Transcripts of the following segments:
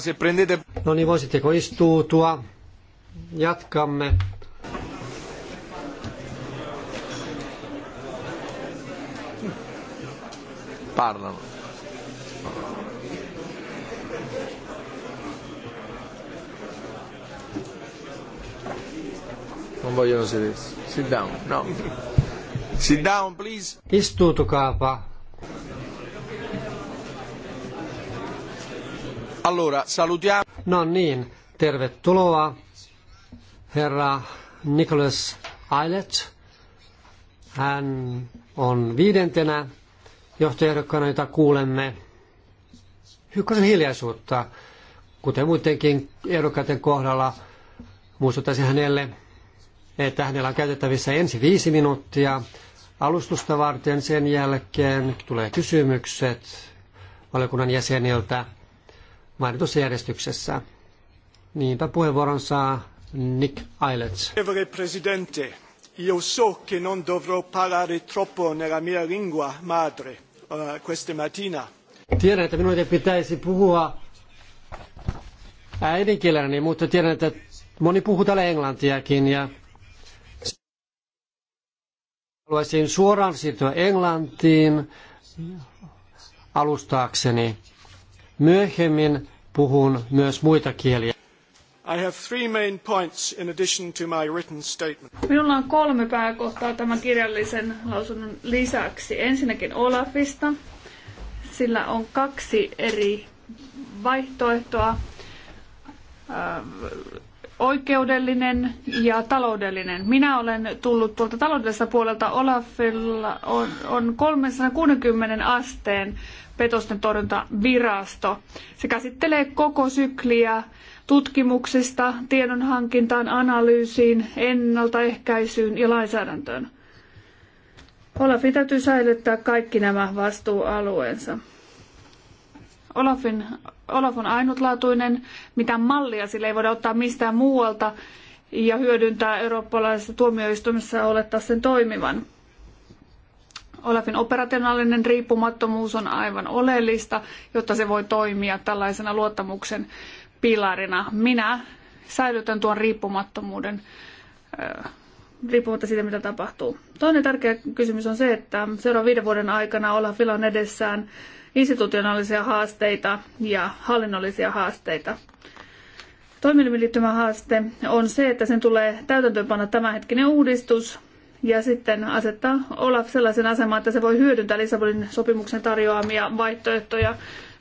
se prendete... No niin, voisitteko istuutua? Jatkamme. Parlano. Non vogliono sedersi. Sit down, no. Sit down, please. Istuutukaapa. Allora, salutiamo. No niin, tervetuloa herra Nicholas Eilert. Hän on viidentenä johtoehdokkaana, jota kuulemme. Hyukkasen hiljaisuutta, kuten muidenkin ehdokkaiden kohdalla, muistuttaisin hänelle, että hänellä on käytettävissä ensi viisi minuuttia alustusta varten. Sen jälkeen tulee kysymykset valiokunnan jäseniltä mainitussa järjestyksessä. Niinpä puheenvuoron saa Nick Eilets. Presidente, io so che non dovrò parlare troppo nella mia lingua madre eh, questa mattina. Tiedän, että minun pitäisi puhua äidinkielelläni, mutta tiedän, että moni puhuu täällä englantiakin ja haluaisin suoraan siirtyä englantiin alustaakseni. Myöhemmin puhun myös muita kieliä. I have three main points in addition to my written statement. Minulla on kolme pääkohtaa tämän kirjallisen lausunnon lisäksi. Ensinnäkin Olafista. Sillä on kaksi eri vaihtoehtoa. oikeudellinen ja taloudellinen. Minä olen tullut tuolta taloudellisesta puolelta. Olafilla on, on 360 asteen petosten torjuntavirasto. Se käsittelee koko sykliä tutkimuksesta, tiedonhankintaan, analyysiin, ennaltaehkäisyyn ja lainsäädäntöön. Olafin täytyy säilyttää kaikki nämä vastuualueensa. Olafin, Olaf on ainutlaatuinen, mitä mallia sille ei voida ottaa mistään muualta ja hyödyntää eurooppalaisessa tuomioistuimessa olettaa sen toimivan. Olafin operationaalinen riippumattomuus on aivan oleellista, jotta se voi toimia tällaisena luottamuksen pilarina. Minä säilytän tuon riippumattomuuden äh, riippumatta siitä, mitä tapahtuu. Toinen tärkeä kysymys on se, että seuraavan viiden vuoden aikana Olafilla on edessään institutionaalisia haasteita ja hallinnollisia haasteita. Toimielimiin liittymä haaste on se, että sen tulee täytäntöönpanna tämänhetkinen uudistus ja sitten asettaa Olaf sellaisen asemaan, että se voi hyödyntää Lissabonin sopimuksen tarjoamia vaihtoehtoja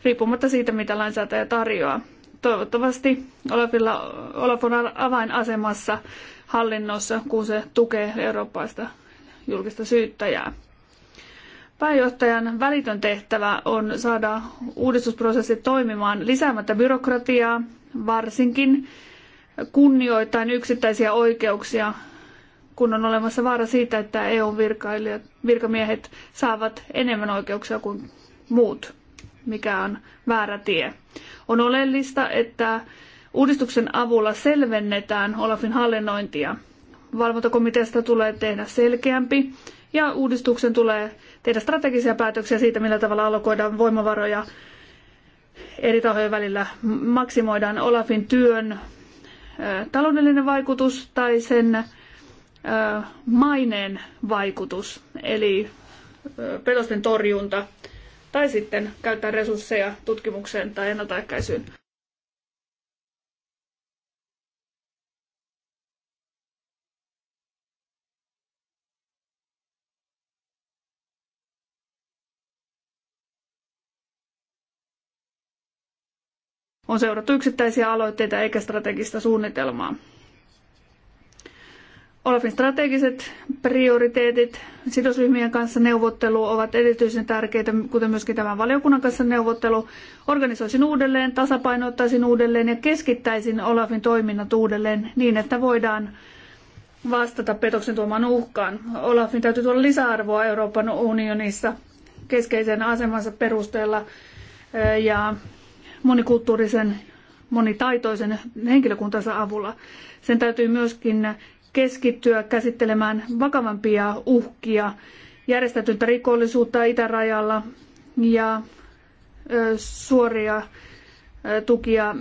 riippumatta siitä, mitä lainsäätäjä tarjoaa. Toivottavasti Olafilla, Olaf on avainasemassa hallinnossa, kun se tukee eurooppaista julkista syyttäjää. Pääjohtajan välitön tehtävä on saada uudistusprosessi toimimaan lisäämättä byrokratiaa, varsinkin kunnioittain yksittäisiä oikeuksia kun on olemassa vaara siitä, että EU-virkailijat, virkamiehet saavat enemmän oikeuksia kuin muut, mikä on väärä tie. On oleellista, että uudistuksen avulla selvennetään Olafin hallinnointia. Valvontakomiteasta tulee tehdä selkeämpi ja uudistuksen tulee tehdä strategisia päätöksiä siitä, millä tavalla allokoidaan voimavaroja eri tahojen välillä. Maksimoidaan Olafin työn taloudellinen vaikutus tai sen maineen vaikutus, eli petosten torjunta, tai sitten käyttää resursseja tutkimukseen tai ennaltaehkäisyyn. On seurattu yksittäisiä aloitteita eikä strategista suunnitelmaa. Olafin strategiset prioriteetit sidosryhmien kanssa neuvottelu ovat erityisen tärkeitä, kuten myöskin tämän valiokunnan kanssa neuvottelu. Organisoisin uudelleen, tasapainottaisin uudelleen ja keskittäisin Olafin toiminnat uudelleen niin, että voidaan vastata petoksen tuomaan uhkaan. Olafin täytyy tuoda lisäarvoa Euroopan unionissa keskeisen asemansa perusteella eh, ja monikulttuurisen monitaitoisen henkilökuntansa avulla. Sen täytyy myöskin keskittyä käsittelemään vakavampia uhkia, järjestäytynyttä rikollisuutta itärajalla ja suoria tukia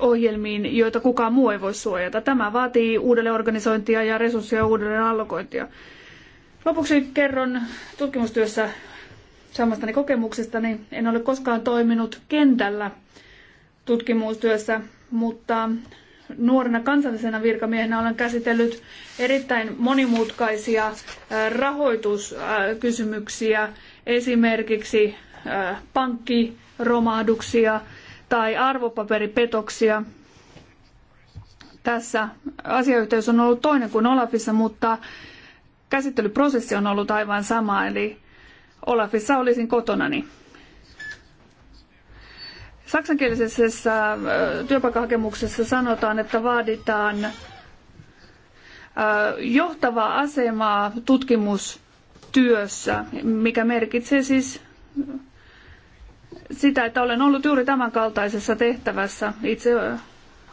ohjelmiin, joita kukaan muu ei voi suojata. Tämä vaatii uudelleenorganisointia ja resursseja uudelleen allokointia. Lopuksi kerron tutkimustyössä saamastani kokemuksesta, niin En ole koskaan toiminut kentällä tutkimustyössä, mutta nuorena kansallisena virkamiehenä olen käsitellyt erittäin monimutkaisia äh, rahoituskysymyksiä, esimerkiksi äh, pankkiromahduksia tai arvopaperipetoksia. Tässä asiayhteys on ollut toinen kuin Olafissa, mutta käsittelyprosessi on ollut aivan sama, eli Olafissa olisin kotonani. Saksankielisessä äh, työpaikkahakemuksessa sanotaan, että vaaditaan äh, johtavaa asemaa tutkimustyössä, mikä merkitsee siis sitä, että olen ollut juuri tämän kaltaisessa tehtävässä itse äh,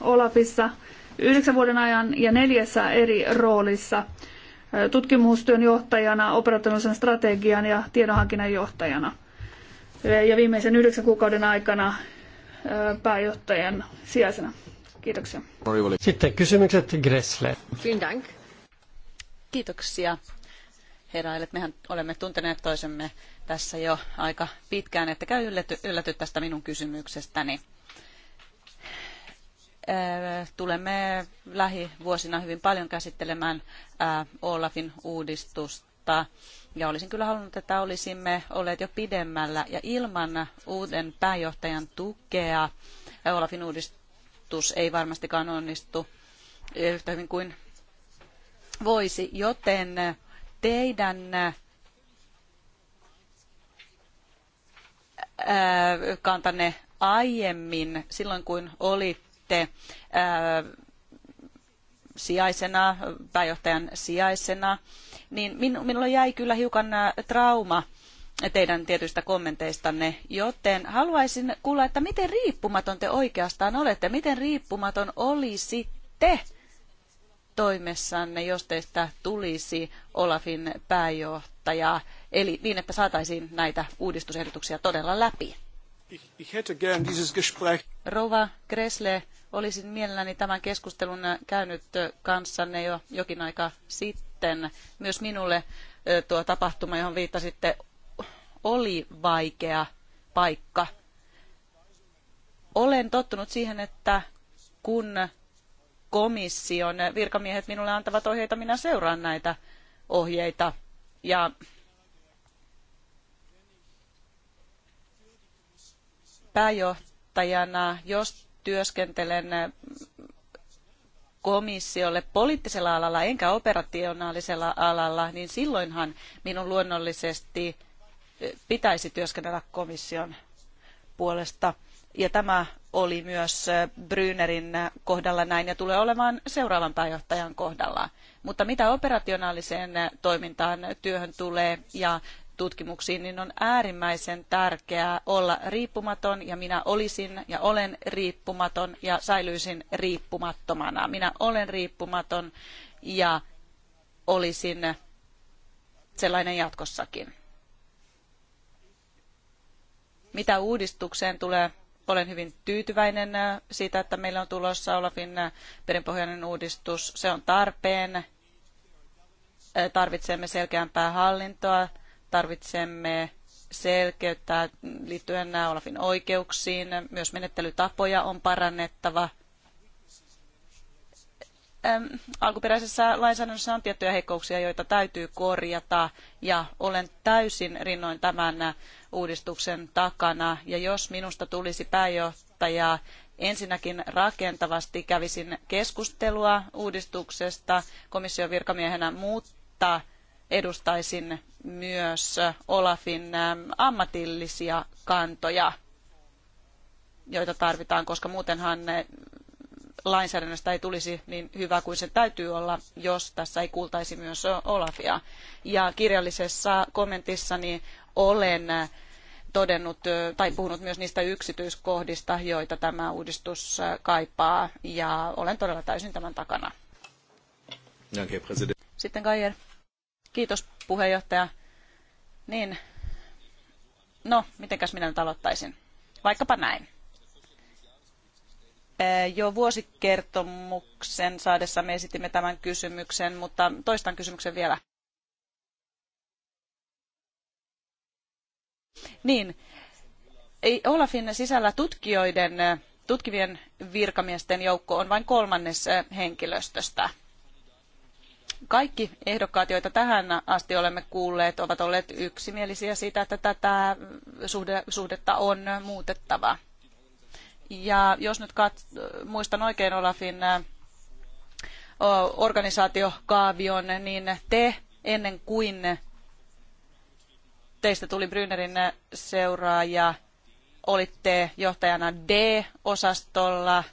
Olapissa yhdeksän vuoden ajan ja neljässä eri roolissa tutkimustyön johtajana, operatiivisen strategian ja tiedonhankinnan johtajana. Ja viimeisen yhdeksän kuukauden aikana pääjohtajan sijaisena. Kiitoksia. Sitten kysymykset Gressle. Kiitoksia. Herra Eilet, mehän olemme tunteneet toisemme tässä jo aika pitkään, että käy ylläty, ylläty tästä minun kysymyksestäni. Tulemme lähivuosina hyvin paljon käsittelemään Olafin uudistusta ja olisin kyllä halunnut, että olisimme olleet jo pidemmällä. Ja ilman uuden pääjohtajan tukea Olafin uudistus ei varmastikaan onnistu yhtä hyvin kuin voisi. Joten teidän kantanne aiemmin, silloin kun olitte sijaisena, pääjohtajan sijaisena, niin minulle jäi kyllä hiukan trauma teidän tietyistä kommenteistanne, joten haluaisin kuulla, että miten riippumaton te oikeastaan olette, miten riippumaton olisitte toimessanne, jos teistä tulisi Olafin pääjohtaja, eli niin, että saataisiin näitä uudistusehdotuksia todella läpi. Rova Kresle, olisin mielelläni tämän keskustelun käynyt kanssanne jo jokin aika sitten sitten myös minulle tuo tapahtuma, johon viittasitte, oli vaikea paikka. Olen tottunut siihen, että kun komission virkamiehet minulle antavat ohjeita, minä seuraan näitä ohjeita. Ja pääjohtajana, jos työskentelen komissiolle poliittisella alalla enkä operationaalisella alalla, niin silloinhan minun luonnollisesti pitäisi työskennellä komission puolesta. Ja tämä oli myös Brynerin kohdalla näin ja tulee olemaan seuraavan pääjohtajan kohdalla. Mutta mitä operationaaliseen toimintaan työhön tulee ja tutkimuksiin, niin on äärimmäisen tärkeää olla riippumaton ja minä olisin ja olen riippumaton ja säilyisin riippumattomana. Minä olen riippumaton ja olisin sellainen jatkossakin. Mitä uudistukseen tulee, olen hyvin tyytyväinen äh, siitä, että meillä on tulossa Olafin äh, perinpohjainen uudistus. Se on tarpeen. Äh, tarvitsemme selkeämpää hallintoa, Tarvitsemme selkeyttää liittyen Olafin oikeuksiin. Myös menettelytapoja on parannettava. Alkuperäisessä lainsäädännössä on tiettyjä heikkouksia, joita täytyy korjata, ja olen täysin rinnoin tämän uudistuksen takana. Ja jos minusta tulisi pääjohtaja, ensinnäkin rakentavasti kävisin keskustelua uudistuksesta komission virkamiehenä, mutta edustaisin myös Olafin ähm, ammatillisia kantoja, joita tarvitaan, koska muutenhan lainsäädännöstä ei tulisi niin hyvä kuin se täytyy olla, jos tässä ei kuultaisi myös Olafia. Ja kirjallisessa kommentissani olen todennut äh, tai puhunut myös niistä yksityiskohdista, joita tämä uudistus äh, kaipaa, ja olen todella täysin tämän takana. Sitten Geier. Kiitos puheenjohtaja. Niin, no, mitenkäs minä nyt aloittaisin? Vaikkapa näin. Jo vuosikertomuksen saadessa me esitimme tämän kysymyksen, mutta toistan kysymyksen vielä. Niin, ei Olafin sisällä tutkijoiden, tutkivien virkamiesten joukko on vain kolmannes henkilöstöstä. Kaikki ehdokkaat, joita tähän asti olemme kuulleet, ovat olleet yksimielisiä siitä, että tätä suhdetta on muutettava. Ja jos nyt kat- muistan oikein Olafin organisaatiokaavion, niin te ennen kuin teistä tuli Brynnerin seuraaja, olitte johtajana D-osastolla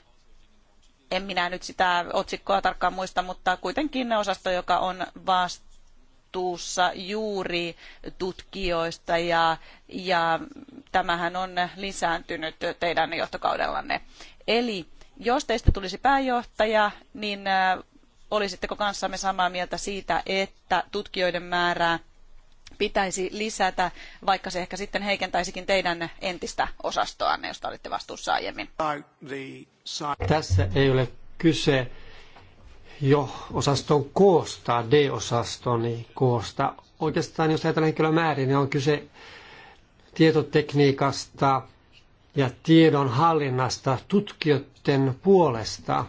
en minä nyt sitä otsikkoa tarkkaan muista, mutta kuitenkin osasto, joka on vastuussa juuri tutkijoista ja, ja tämähän on lisääntynyt teidän johtokaudellanne. Eli jos teistä tulisi pääjohtaja, niin olisitteko kanssamme samaa mieltä siitä, että tutkijoiden määrää pitäisi lisätä, vaikka se ehkä sitten heikentäisikin teidän entistä osastoanne, josta olitte vastuussa aiemmin? Tässä ei ole kyse jo osaston koosta, D-osaston koosta. Oikeastaan jos ajatellaan henkilömäärin, niin on kyse tietotekniikasta ja tiedon hallinnasta tutkijoiden puolesta,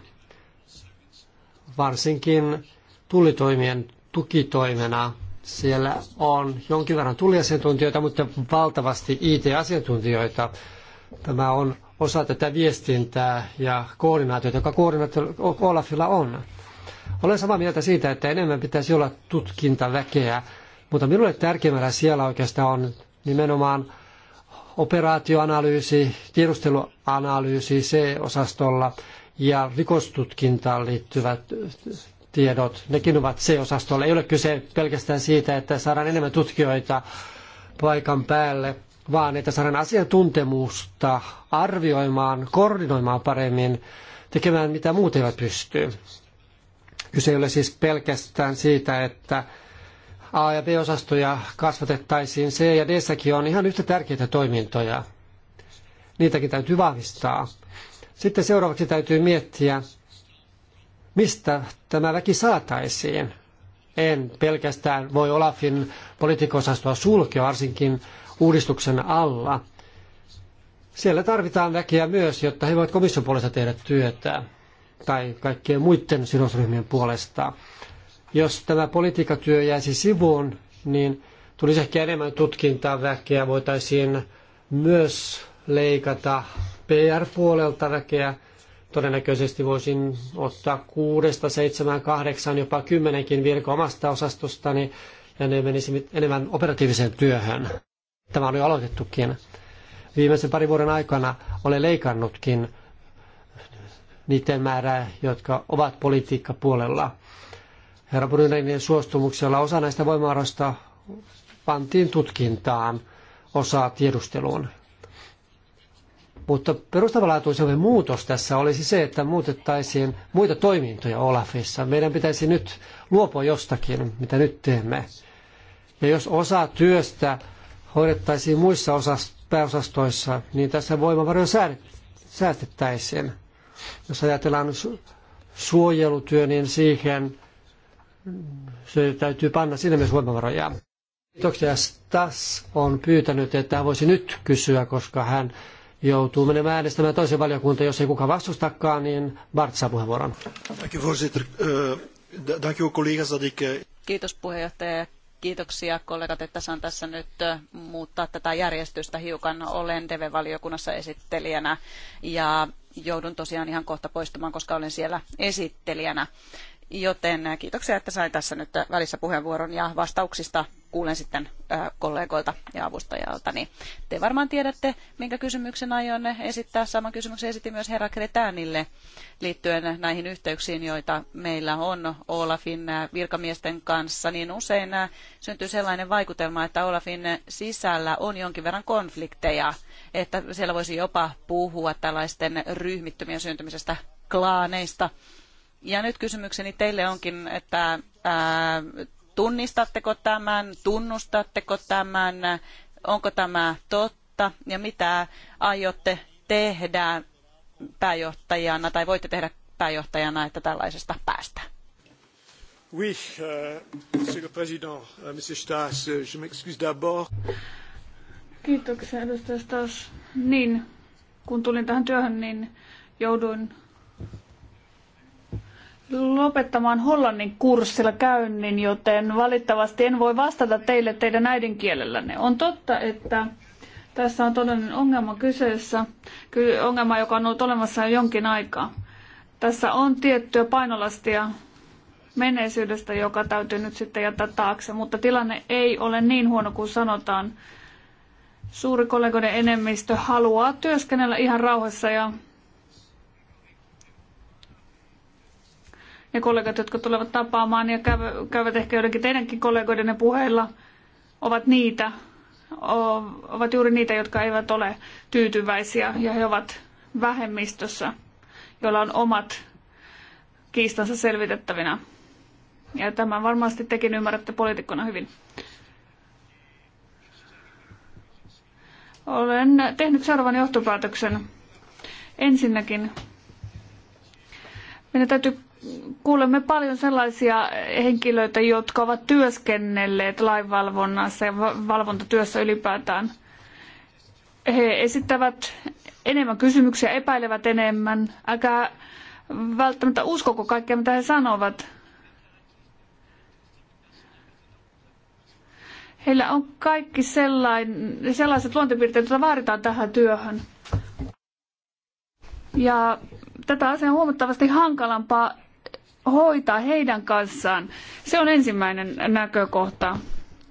varsinkin tulitoimien tukitoimena – siellä on jonkin verran tuliasiantuntijoita, mutta valtavasti IT-asiantuntijoita. Tämä on osa tätä viestintää ja koordinaatiota, joka Olafilla on. Olen samaa mieltä siitä, että enemmän pitäisi olla tutkintaväkeä, mutta minulle tärkeimmällä siellä oikeastaan on nimenomaan operaatioanalyysi, tiedusteluanalyysi C-osastolla ja rikostutkintaan liittyvät tiedot, nekin ovat C-osastolla. Ei ole kyse pelkästään siitä, että saadaan enemmän tutkijoita paikan päälle, vaan että saadaan asiantuntemusta arvioimaan, koordinoimaan paremmin, tekemään mitä muut eivät pysty. Kyse ei ole siis pelkästään siitä, että A- ja B-osastoja kasvatettaisiin. C- ja D-säkin on ihan yhtä tärkeitä toimintoja. Niitäkin täytyy vahvistaa. Sitten seuraavaksi täytyy miettiä, Mistä tämä väki saataisiin? En pelkästään voi Olafin politiikko-osastoa sulkea, varsinkin uudistuksen alla. Siellä tarvitaan väkeä myös, jotta he voivat komission puolesta tehdä työtä tai kaikkien muiden sidosryhmien puolesta. Jos tämä politiikatyö jäisi sivuun, niin tulisi ehkä enemmän tutkintaa väkeä, voitaisiin myös leikata PR-puolelta väkeä, Todennäköisesti voisin ottaa kuudesta, seitsemän, kahdeksan, jopa kymmenenkin virka omasta osastostani ja ne menisivät enemmän operatiiviseen työhön. Tämä on aloitettukin. Viimeisen parin vuoden aikana olen leikannutkin niiden määrää, jotka ovat politiikkapuolella. Herra Brynäinen suostumuksella osa näistä voimavaroista pantiin tutkintaan, osa tiedusteluun. Mutta perustavanlaatuisempi muutos tässä olisi se, että muutettaisiin muita toimintoja Olafissa. Meidän pitäisi nyt luopua jostakin, mitä nyt teemme. Ja jos osa työstä hoidettaisiin muissa osas, pääosastoissa, niin tässä voimavaroja säästettäisiin. Jos ajatellaan suojelutyö, niin siihen se täytyy panna sinne myös voimavaroja. Kiitoksia. Stas on pyytänyt, että hän voisi nyt kysyä, koska hän joutuu menemään äänestämään toisen valiokunta, jos ei kuka vastustakaan, niin Bart saa puheenvuoron. Eh, eh, Kiitos puheenjohtaja. Kiitoksia kollegat, että saan tässä nyt eh, muuttaa tätä järjestystä hiukan. Olen DEVE-valiokunnassa esittelijänä ja joudun tosiaan ihan kohta poistumaan, koska olen siellä esittelijänä. Joten äh, kiitoksia, että sain tässä nyt äh, välissä puheenvuoron ja vastauksista kuulen sitten äh, kollegoilta ja avustajalta. Niin te varmaan tiedätte, minkä kysymyksen aion esittää. Saman kysymyksen esitin myös herra Kretäänille liittyen näihin yhteyksiin, joita meillä on Olafin virkamiesten kanssa. Niin usein syntyy sellainen vaikutelma, että Olafin sisällä on jonkin verran konflikteja, että siellä voisi jopa puhua tällaisten ryhmittymien syntymisestä klaaneista ja nyt kysymykseni teille onkin, että ää, tunnistatteko tämän, tunnustatteko tämän, onko tämä totta ja mitä aiotte tehdä pääjohtajana tai voitte tehdä pääjohtajana, että tällaisesta päästään? Oui, euh, monsieur le président, euh, monsieur Stas, euh, je m'excuse d'abord. Kiitoksia, edustaja Stas. Niin, kun tulin tähän työhön, niin jouduin lopettamaan hollannin kurssilla käynnin, joten valitettavasti en voi vastata teille teidän äidinkielellänne. On totta, että tässä on todellinen ongelma kyseessä, ongelma, joka on ollut olemassa jo jonkin aikaa. Tässä on tiettyä painolastia menneisyydestä, joka täytyy nyt sitten jättää taakse, mutta tilanne ei ole niin huono kuin sanotaan. Suuri kollegoiden enemmistö haluaa työskennellä ihan rauhassa ja ne kollegat, jotka tulevat tapaamaan ja käyvät ehkä joidenkin teidänkin kollegoidenne puheilla, ovat niitä, ovat juuri niitä, jotka eivät ole tyytyväisiä ja he ovat vähemmistössä, joilla on omat kiistansa selvitettävinä. Ja tämän varmasti tekin ymmärrätte poliitikkona hyvin. Olen tehnyt seuraavan johtopäätöksen. Ensinnäkin meidän täytyy kuulemme paljon sellaisia henkilöitä, jotka ovat työskennelleet lainvalvonnassa ja valvontatyössä ylipäätään. He esittävät enemmän kysymyksiä, epäilevät enemmän, älkää välttämättä uskoko kaikkea, mitä he sanovat. Heillä on kaikki sellainen, sellaiset luontepiirteet, joita vaaditaan tähän työhön. Ja tätä asiaa on huomattavasti hankalampaa hoitaa heidän kanssaan. Se on ensimmäinen näkökohta.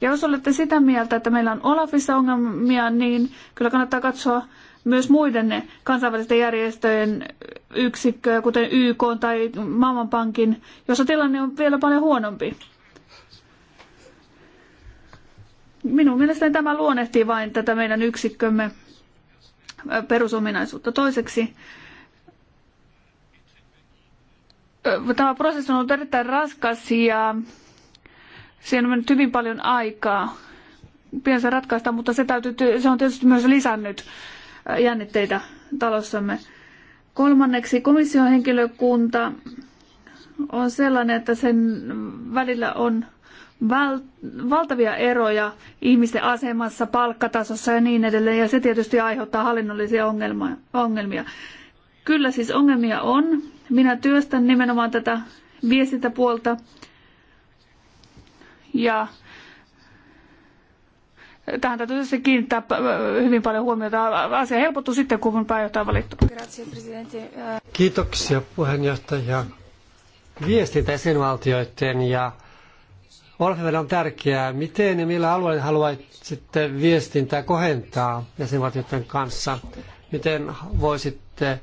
Ja jos olette sitä mieltä, että meillä on Olafissa ongelmia, niin kyllä kannattaa katsoa myös muiden kansainvälisten järjestöjen yksikköjä, kuten YK tai Maailmanpankin, jossa tilanne on vielä paljon huonompi. Minun mielestäni tämä luonnehtii vain tätä meidän yksikkömme perusominaisuutta. Toiseksi tämä prosessi on ollut erittäin raskas ja siihen on mennyt hyvin paljon aikaa. Pian se ratkaista, mutta se, täytyy, se on tietysti myös lisännyt jännitteitä talossamme. Kolmanneksi komission henkilökunta on sellainen, että sen välillä on valtavia eroja ihmisten asemassa, palkkatasossa ja niin edelleen, ja se tietysti aiheuttaa hallinnollisia ongelmia. Kyllä siis ongelmia on, minä työstän nimenomaan tätä viestintäpuolta ja tähän täytyy tietysti kiinnittää äh, hyvin paljon huomiota. Asia helpottuu sitten, kun pääjohtaja on valittu. Kiitoksia puheenjohtaja. Viestintä jäsenvaltioiden ja ohjelmille on tärkeää. Miten ja millä alueilla haluaisitte viestintää kohentaa jäsenvaltioiden kanssa? Miten voisitte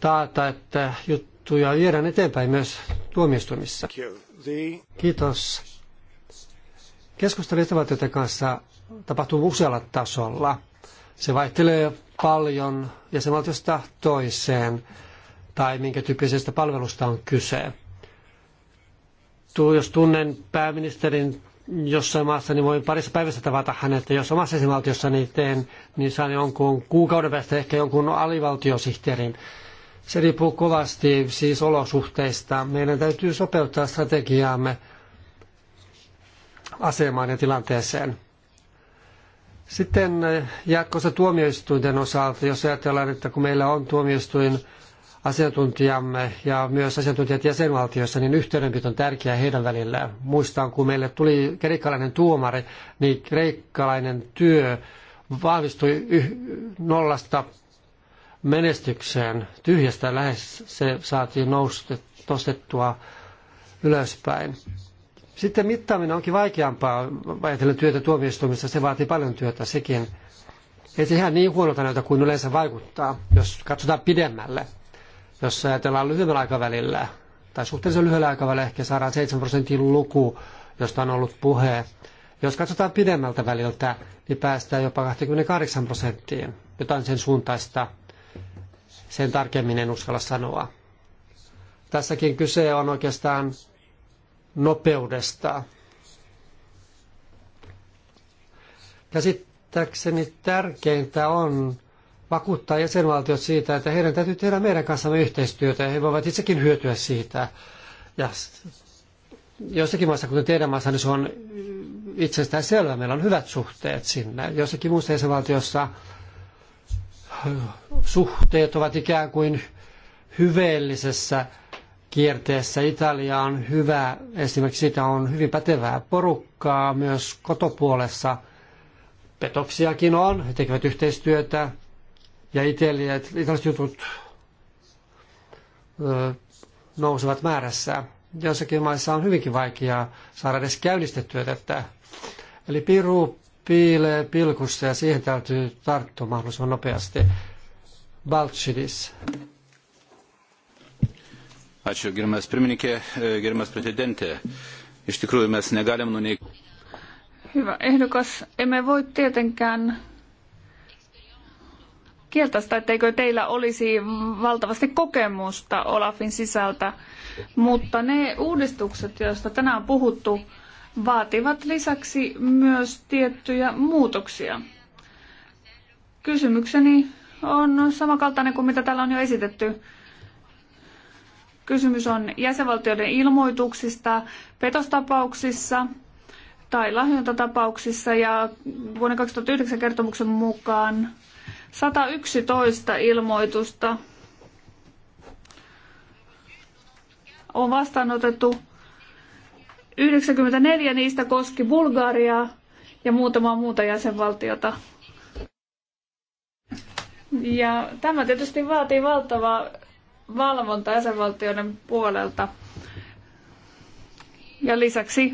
taata, että juttuja viedään eteenpäin myös tuomioistuimissa. Kiitos. Keskustelu jäsenvaltioiden kanssa tapahtuu usealla tasolla. Se vaihtelee paljon jäsenvaltiosta toiseen tai minkä tyyppisestä palvelusta on kyse. Jos tunnen pääministerin jossain maassa, niin voin parissa päivässä tavata hänet. Jos omassa esivaltiossani niin teen, niin saan jonkun kuukauden päästä ehkä jonkun alivaltiosihteerin se riippuu kovasti siis olosuhteista. Meidän täytyy sopeuttaa strategiaamme asemaan ja tilanteeseen. Sitten eh, jatkossa tuomioistuinten osalta, jos ajatellaan, että kun meillä on tuomioistuin asiantuntijamme ja myös asiantuntijat jäsenvaltioissa, niin yhteydenpito on tärkeää heidän välillään. Muistan, kun meille tuli kreikkalainen tuomari, niin kreikkalainen työ vahvistui nollasta menestykseen. Tyhjästä lähes se saatiin nostettua ylöspäin. Sitten mittaaminen onkin vaikeampaa. Ajatellen työtä tuomioistuimissa, se vaatii paljon työtä sekin. Ei se ihan niin huonolta näytä kuin yleensä vaikuttaa, jos katsotaan pidemmälle. Jos ajatellaan lyhyellä aikavälillä, tai suhteellisen lyhyellä aikavälillä ehkä saadaan 7 prosentin luku, josta on ollut puhe. Jos katsotaan pidemmältä väliltä, niin päästään jopa 28 prosenttiin, jotain sen suuntaista. Sen tarkemmin en uskalla sanoa. Tässäkin kyse on oikeastaan nopeudesta. Käsittääkseni tärkeintä on vakuuttaa jäsenvaltiot siitä, että heidän täytyy tehdä meidän kanssamme yhteistyötä ja he voivat itsekin hyötyä siitä. Ja jossakin maassa, kuten teidän maassa, niin se on itsestään selvä. Meillä on hyvät suhteet sinne. Jossakin muussa jäsenvaltiossa suhteet ovat ikään kuin hyveellisessä kierteessä. Italia on hyvä, esimerkiksi siitä on hyvin pätevää porukkaa myös kotopuolessa. Petoksiakin on, he tekevät yhteistyötä ja italialaiset jutut ö, nousevat määrässä. Joissakin maissa on hyvinkin vaikeaa saada edes käynnistettyä tätä. Eli Piru piilee pilkussa ja siihen täytyy tarttua mahdollisimman nopeasti. Balchidis. Ačiū, gerbiamas pirmininkė, e, gerbiamas prezidentė. Iš tikrųjų, mes negalim nuneikti. Hyvä ehdokas, emme voi tietenkään kieltää sitä, etteikö teillä olisi valtavasti kokemusta Olafin sisältä, mutta ne uudistukset, joista tänään on puhuttu, vaativat lisäksi myös tiettyjä muutoksia. Kysymykseni on samankaltainen kuin mitä täällä on jo esitetty. Kysymys on jäsenvaltioiden ilmoituksista petostapauksissa tai lahjontatapauksissa ja vuonna 2009 kertomuksen mukaan 111 ilmoitusta on vastaanotettu 94 niistä koski Bulgariaa ja muutamaa muuta jäsenvaltiota. Ja tämä tietysti vaatii valtavaa valvonta jäsenvaltioiden puolelta. Ja lisäksi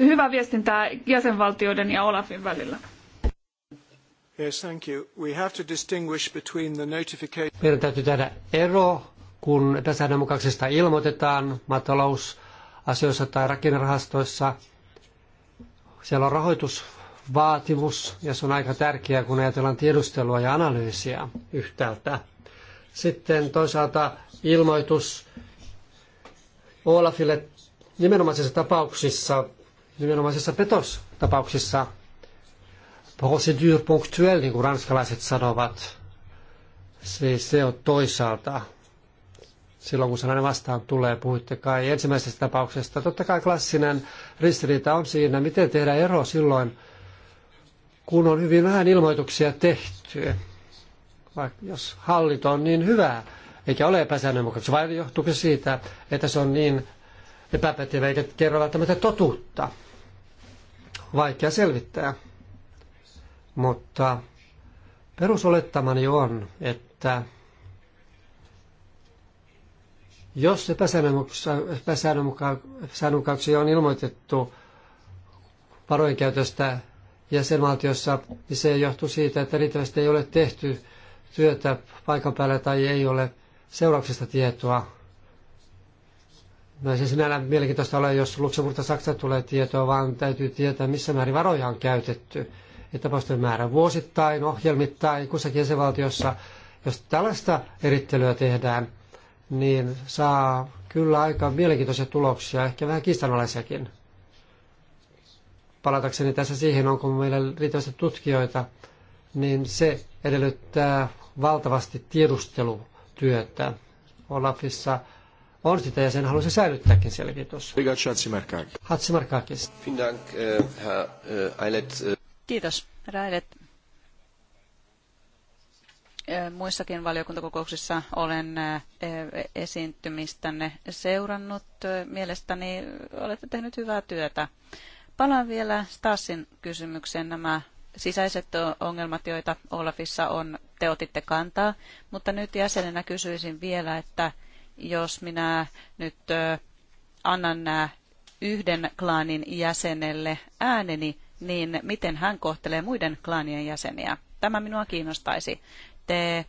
hyvä viestintää jäsenvaltioiden ja Olafin välillä. Yes, thank you. We have to distinguish between the notification... Meidän täytyy tehdä ero kun epäsäännönmukaisesta ilmoitetaan maatalousasioissa tai rakennerahastoissa. Siellä on rahoitusvaatimus ja se on aika tärkeää, kun ajatellaan tiedustelua ja analyysiä yhtäältä. Sitten toisaalta ilmoitus Olafille nimenomaisissa tapauksissa, nimenomaisissa petostapauksissa, procedure ponctuelle, niin kuin ranskalaiset sanovat, siis se on toisaalta silloin, kun sellainen vastaan tulee. Puhuitte kai ensimmäisestä tapauksesta. Totta kai klassinen ristiriita on siinä, miten tehdä ero silloin, kun on hyvin vähän ilmoituksia tehty. Vaikka jos hallinto on niin hyvä, eikä ole epäsäännönmukaista, vai johtuuko siitä, että se on niin epäpätevä eikä kerro välttämättä totuutta. Vaikea selvittää. Mutta perusolettamani on, että jos se epäsäännönmukaisuuksia on ilmoitettu varojen käytöstä jäsenvaltiossa, niin se johtuu siitä, että riittävästi ei ole tehty työtä paikan päällä tai ei ole seurauksista tietoa. No se sinällään mielenkiintoista ole, jos Luxemburgista Saksa tulee tietoa, vaan täytyy tietää, missä määrin varoja on käytetty. että tapausten määrä vuosittain, ohjelmittain, kussakin jäsenvaltiossa. Jos tällaista erittelyä tehdään, niin saa kyllä aika mielenkiintoisia tuloksia, ehkä vähän kiistanalaisiakin. Palatakseni tässä siihen, onko meillä riittävästi tutkijoita, niin se edellyttää valtavasti tiedustelutyötä. Olafissa on sitä ja sen haluaisin säilyttääkin siellä, kiitos. Hatsimarkakis. Äh, äh, kiitos, Railet muissakin valiokuntakokouksissa olen e, esiintymistänne seurannut. Mielestäni olette tehnyt hyvää työtä. Palaan vielä Stassin kysymykseen nämä sisäiset ongelmat, joita Olafissa on, te otitte kantaa, mutta nyt jäsenenä kysyisin vielä, että jos minä nyt annan nämä yhden klaanin jäsenelle ääneni, niin miten hän kohtelee muiden klaanien jäseniä? Tämä minua kiinnostaisi te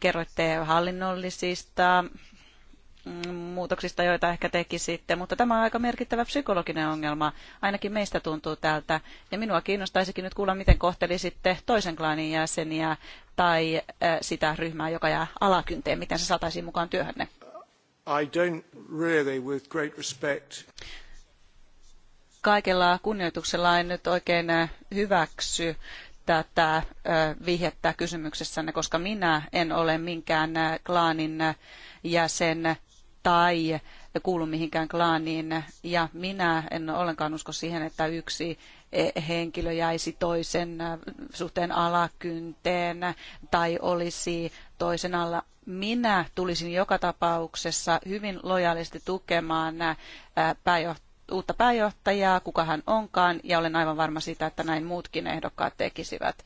kerroitte hallinnollisista mm, muutoksista, joita ehkä tekisitte, mutta tämä on aika merkittävä psykologinen ongelma. Ainakin meistä tuntuu tältä. Ja minua kiinnostaisikin nyt kuulla, miten kohtelisitte toisen klaanin jäseniä tai sitä ryhmää, joka jää alakynteen. Miten se saataisiin mukaan työhönne? I don't really, with great respect. Kaikella kunnioituksella en nyt oikein hyväksy tätä vihjettä kysymyksessänne, koska minä en ole minkään klaanin jäsen tai kuulu mihinkään klaaniin. Ja minä en ollenkaan usko siihen, että yksi e, henkilö jäisi toisen suhteen alakynteen tai olisi toisen alla. Minä tulisin joka tapauksessa hyvin lojaalisti tukemaan pääjohtajaa uutta pääjohtajaa, kuka hän onkaan, ja olen aivan varma siitä, että näin muutkin ehdokkaat tekisivät.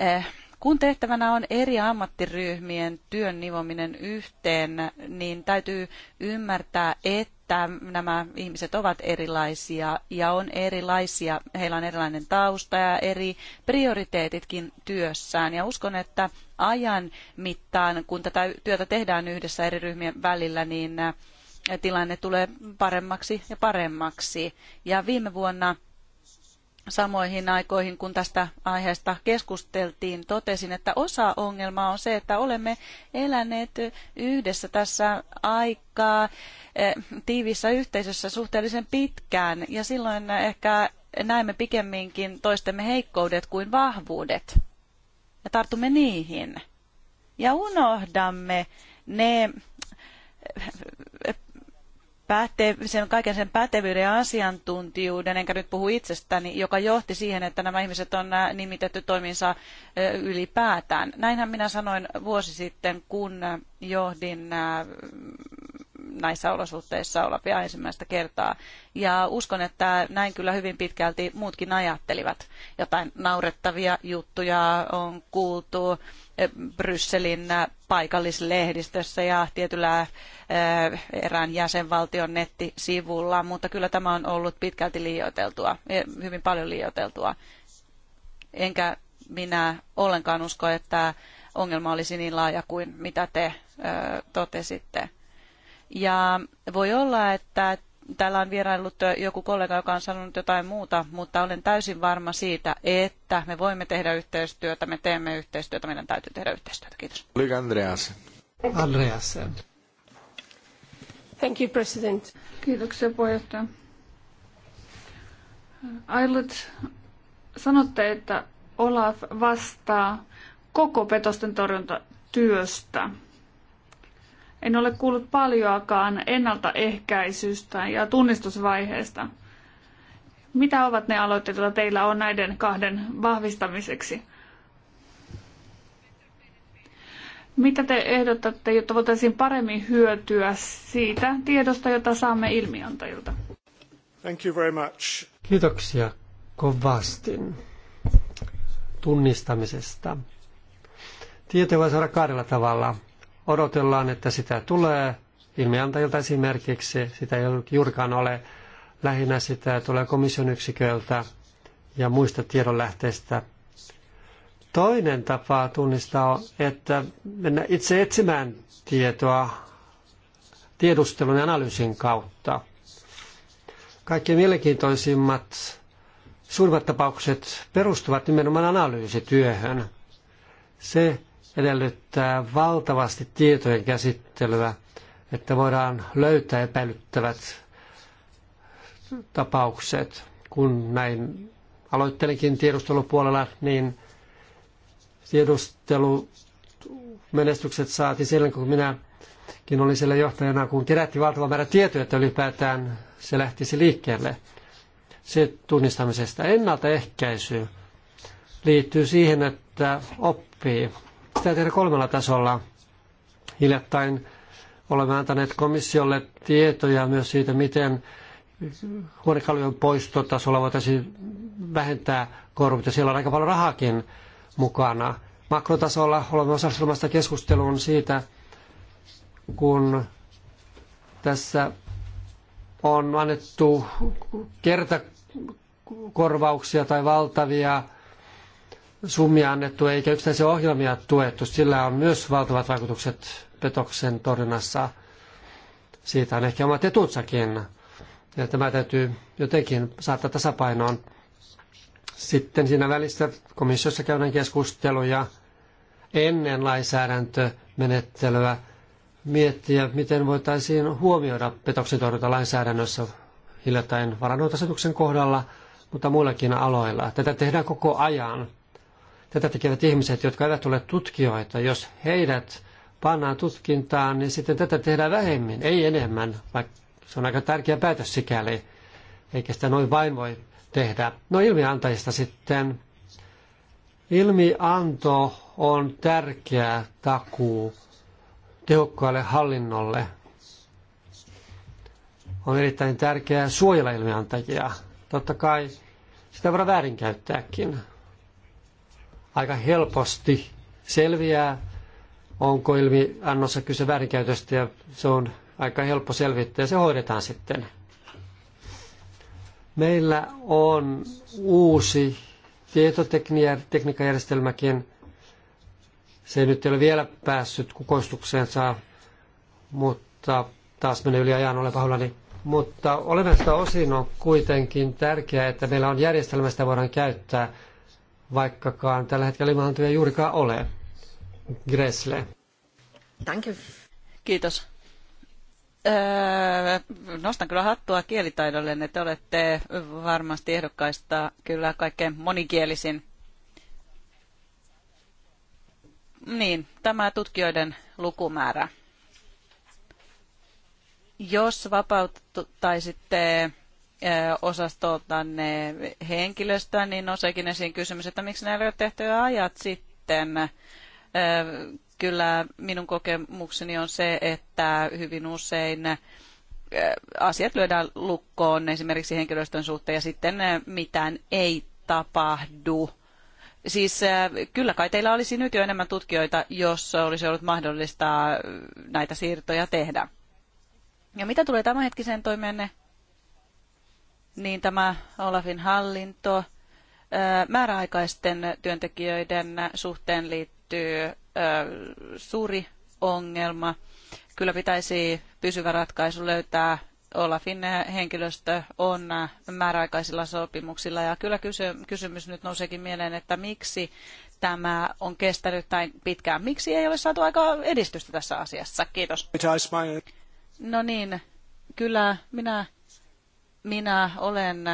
Eh, kun tehtävänä on eri ammattiryhmien työn nivominen yhteen, niin täytyy ymmärtää, että nämä ihmiset ovat erilaisia ja on erilaisia, heillä on erilainen tausta ja eri prioriteetitkin työssään. Ja uskon, että ajan mittaan, kun tätä työtä tehdään yhdessä eri ryhmien välillä, niin eh, tilanne tulee paremmaksi ja paremmaksi. Ja viime vuonna samoihin aikoihin, kun tästä aiheesta keskusteltiin, totesin, että osa ongelmaa on se, että olemme eläneet yhdessä tässä aikaa eh, tiivissä yhteisössä suhteellisen pitkään ja silloin ehkä näemme pikemminkin toistemme heikkoudet kuin vahvuudet ja tartumme niihin. Ja unohdamme ne pätev- sen, kaiken sen pätevyyden ja asiantuntijuuden, enkä nyt puhu itsestäni, joka johti siihen, että nämä ihmiset on äh, nimitetty toiminsa äh, ylipäätään. Näinhän minä sanoin vuosi sitten, kun äh, johdin näissä olosuhteissa olevia ensimmäistä kertaa. Ja uskon, että näin kyllä hyvin pitkälti muutkin ajattelivat. Jotain naurettavia juttuja on kuultu Brysselin paikallislehdistössä ja tietyllä eh, erään jäsenvaltion nettisivulla, mutta kyllä tämä on ollut pitkälti liioiteltua, e, hyvin paljon liioiteltua. Enkä minä ollenkaan usko, että ongelma olisi niin laaja kuin mitä te eh, totesitte. Ja voi olla, että täällä on vieraillut joku kollega, joka on sanonut jotain muuta, mutta olen täysin varma siitä, että me voimme tehdä yhteistyötä, me teemme yhteistyötä, meidän täytyy tehdä yhteistyötä. Kiitos. Kollega Andreas. Andreas. Thank you, President. Kiitoksia puheenjohtaja. Ailut sanotte, että Olaf vastaa koko petosten torjuntatyöstä. En ole kuullut paljoakaan ennaltaehkäisystä ja tunnistusvaiheesta. Mitä ovat ne aloitteet, joita teillä on näiden kahden vahvistamiseksi? Mitä te ehdotatte, jotta voitaisiin paremmin hyötyä siitä tiedosta, jota saamme ilmiantajilta? Thank you very much. Kiitoksia kovasti tunnistamisesta. Tietoja voi saada kahdella tavalla odotellaan, että sitä tulee ilmiantajilta esimerkiksi, sitä ei juurikaan ole. Lähinnä sitä tulee komission yksiköltä ja muista tiedonlähteistä. Toinen tapa tunnistaa on, että mennä itse etsimään tietoa tiedustelun ja analyysin kautta. Kaikki mielenkiintoisimmat suurimmat tapaukset perustuvat nimenomaan analyysityöhön. Se edellyttää valtavasti tietojen käsittelyä, että voidaan löytää epäilyttävät tapaukset. Kun näin aloittelinkin tiedustelupuolella, niin tiedustelumenestykset saatiin silloin, kun minäkin olin siellä johtajana, kun kerättiin valtava määrä tietoja, että ylipäätään se lähtisi liikkeelle. Se tunnistamisesta ennaltaehkäisy liittyy siihen, että oppii sitä tehdä kolmella tasolla. Hiljattain olemme antaneet komissiolle tietoja myös siitä, miten huonekalujen poistotasolla voitaisiin vähentää korruptiota. Siellä on aika paljon rahakin mukana. Makrotasolla olemme osallistumassa keskusteluun siitä, kun tässä on annettu kertakorvauksia tai valtavia summia annettu eikä yksittäisiä ohjelmia tuettu. Sillä on myös valtavat vaikutukset petoksen torjunnassa. Siitä on ehkä omat etutsakin. Ja tämä täytyy jotenkin saattaa tasapainoon. Sitten siinä välissä komissiossa käydään keskusteluja ennen lainsäädäntömenettelyä miettiä, miten voitaisiin huomioida petoksen torjunta lainsäädännössä hiljattain varannutasetuksen kohdalla, mutta muillakin aloilla. Tätä tehdään koko ajan tätä tekevät ihmiset, jotka eivät ole tutkijoita, jos heidät pannaan tutkintaan, niin sitten tätä tehdään vähemmän, ei enemmän, vaikka se on aika tärkeä päätös sikäli, eikä sitä noin vain voi tehdä. No ilmiantajista sitten. Ilmianto on tärkeä takuu tehokkaalle hallinnolle. On erittäin tärkeää suojella ilmiantajia. Totta kai sitä voidaan väärinkäyttääkin aika helposti selviää, onko ilmi annossa kyse väärinkäytöstä ja se on aika helppo selvittää ja se hoidetaan sitten. Meillä on uusi tietotekniikkajärjestelmäkin. Se ei nyt ei ole vielä päässyt kukoistukseensa, mutta taas menee yli ajan, olen pahoillani. Mutta olennaista osin on kuitenkin tärkeää, että meillä on järjestelmästä voidaan käyttää – vaikkakaan tällä hetkellä ilmaantuja juurikaan ole. Gressle. Danke. Kiitos. Öö, nostan kyllä hattua kielitaidolle, että te olette varmasti ehdokkaista kyllä kaikkein monikielisin. Niin, tämä tutkijoiden lukumäärä. Jos vapauttaisitte Eh, tänne henkilöstöä, niin nouseekin esiin kysymys, että miksi näillä ei ole tehty jo ajat sitten. Eh, kyllä minun kokemukseni on se, että hyvin usein eh, asiat lyödään lukkoon esimerkiksi henkilöstön suhteen ja sitten mitään ei tapahdu. Siis kyllä kai teillä olisi nyt jo enemmän tutkijoita, jos olisi ollut mahdollista näitä siirtoja tehdä. Ja mitä tulee tämänhetkiseen toimeenne niin tämä Olafin hallinto määräaikaisten työntekijöiden suhteen liittyy suuri ongelma. Kyllä pitäisi pysyvä ratkaisu löytää. Olafin henkilöstö on määräaikaisilla sopimuksilla ja kyllä kysymys nyt nouseekin mieleen, että miksi tämä on kestänyt näin pitkään. Miksi ei ole saatu aika edistystä tässä asiassa? Kiitos. No niin, kyllä minä minä olen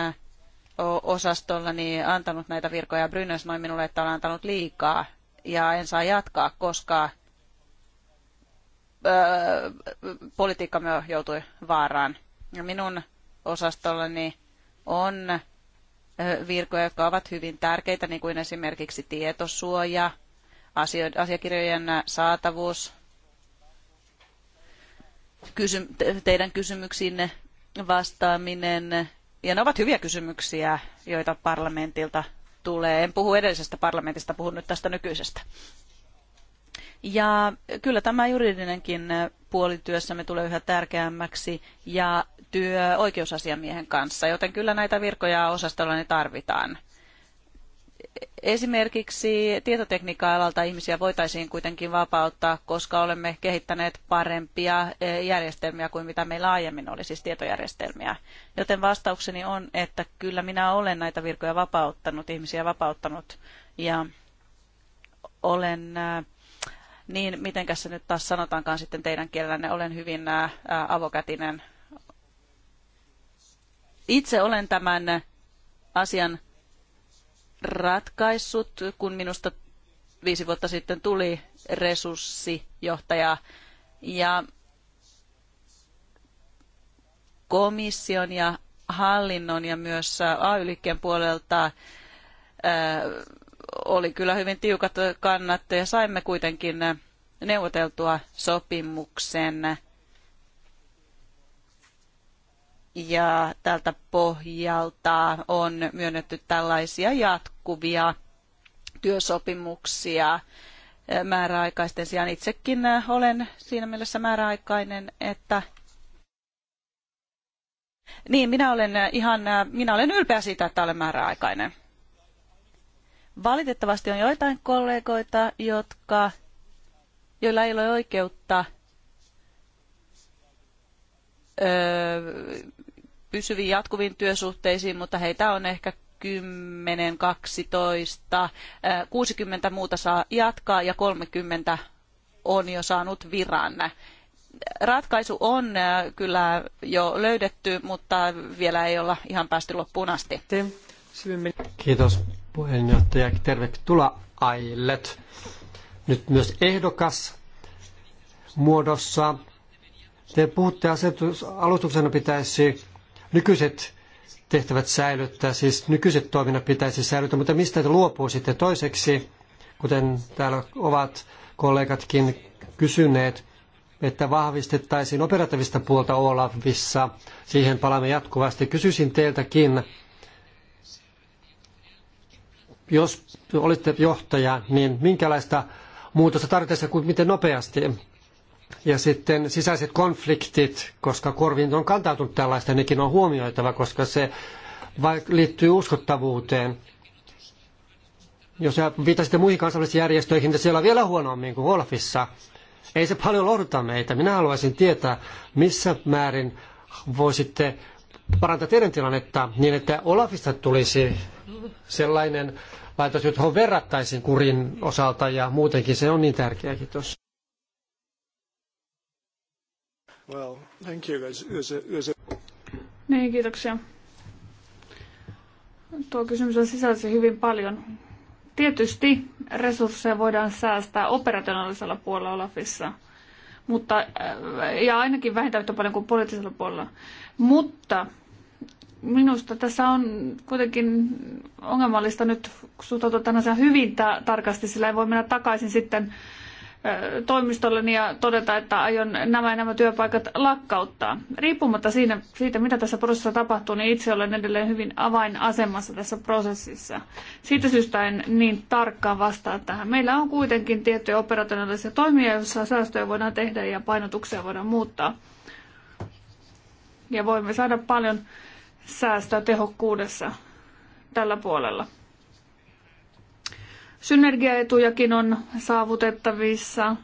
osastollani antanut näitä virkoja. Brynäs noin minulle, että olen antanut liikaa ja en saa jatkaa, koska öö, me joutui vaaraan. Minun osastollani on virkoja, jotka ovat hyvin tärkeitä, niin kuin esimerkiksi tietosuoja, asiakirjojen saatavuus, kysy- teidän kysymyksinne vastaaminen. Ja ne ovat hyviä kysymyksiä, joita parlamentilta tulee. En puhu edellisestä parlamentista, puhun nyt tästä nykyisestä. Ja kyllä tämä juridinenkin puoli työssämme tulee yhä tärkeämmäksi ja työ oikeusasiamiehen kanssa, joten kyllä näitä virkoja osastolla ne tarvitaan esimerkiksi tietotekniikka-alalta ihmisiä voitaisiin kuitenkin vapauttaa, koska olemme kehittäneet parempia eh, järjestelmiä kuin mitä meillä aiemmin oli, siis tietojärjestelmiä. Joten vastaukseni on, että kyllä minä olen näitä virkoja vapauttanut, ihmisiä vapauttanut ja olen eh, niin, mitenkäs se nyt taas sanotaankaan sitten teidän kielellänne, olen hyvin eh, avokätinen. Itse olen tämän asian ratkaissut, kun minusta viisi vuotta sitten tuli resurssijohtaja ja komission ja hallinnon ja myös AY-liikkeen puolelta äh, oli kyllä hyvin tiukat kannat ja saimme kuitenkin neuvoteltua sopimuksen ja tältä pohjalta on myönnetty tällaisia jatkuvia työsopimuksia määräaikaisten sijaan. Itsekin olen siinä mielessä määräaikainen, että niin, minä olen ihan, minä olen ylpeä siitä, että olen määräaikainen. Valitettavasti on joitain kollegoita, jotka, joilla ei ole oikeutta öö, pysyviin jatkuviin työsuhteisiin, mutta heitä on ehkä 10, 12, 60 muuta saa jatkaa ja 30 on jo saanut viran. Ratkaisu on äh, kyllä jo löydetty, mutta vielä ei olla ihan päästy loppuun asti. Kiitos puheenjohtaja. Tervetuloa Ailet. Nyt myös ehdokas muodossa. Te puhutte asetus, alustuksena pitäisi nykyiset tehtävät säilyttää, siis nykyiset toiminnat pitäisi säilyttää, mutta mistä te luopuu sitten toiseksi, kuten täällä ovat kollegatkin kysyneet, että vahvistettaisiin operatiivista puolta Olafissa. Siihen palaamme jatkuvasti. Kysyisin teiltäkin, jos olitte johtaja, niin minkälaista muutosta tarvitaan kuin miten nopeasti? Ja sitten sisäiset konfliktit, koska korviin on kantautunut tällaista, nekin on huomioitava, koska se liittyy uskottavuuteen. Jos viitasitte muihin kansallisiin järjestöihin, niin siellä on vielä huonommin kuin Wolfissa. Ei se paljon lohduta meitä. Minä haluaisin tietää, missä määrin voisitte parantaa teidän tilannetta niin, että Olafista tulisi sellainen laitos, johon verrattaisiin kurin osalta ja muutenkin se on niin tärkeä. Kiitos. Well, thank you. There's, there's a... Niin, kiitoksia. Tuo kysymys on sisälsi hyvin paljon. Tietysti resursseja voidaan säästää operationaalisella puolella Olafissa, mutta, äh, ja ainakin vähintään yhtä paljon kuin poliittisella puolella. Mutta minusta tässä on kuitenkin ongelmallista nyt suhtautua tänänsä hyvin tarkasti, sillä ei voi mennä takaisin sitten toimistolleni ja todeta, että aion nämä ja nämä työpaikat lakkauttaa. Riippumatta siinä, siitä, mitä tässä prosessissa tapahtuu, niin itse olen edelleen hyvin avainasemassa tässä prosessissa. Siitä syystä en niin tarkkaan vastaa tähän. Meillä on kuitenkin tiettyjä operationaalisia toimia, joissa säästöjä voidaan tehdä ja painotuksia voidaan muuttaa. Ja voimme saada paljon säästöä tehokkuudessa tällä puolella. Synergiaetujakin on saavutettavissa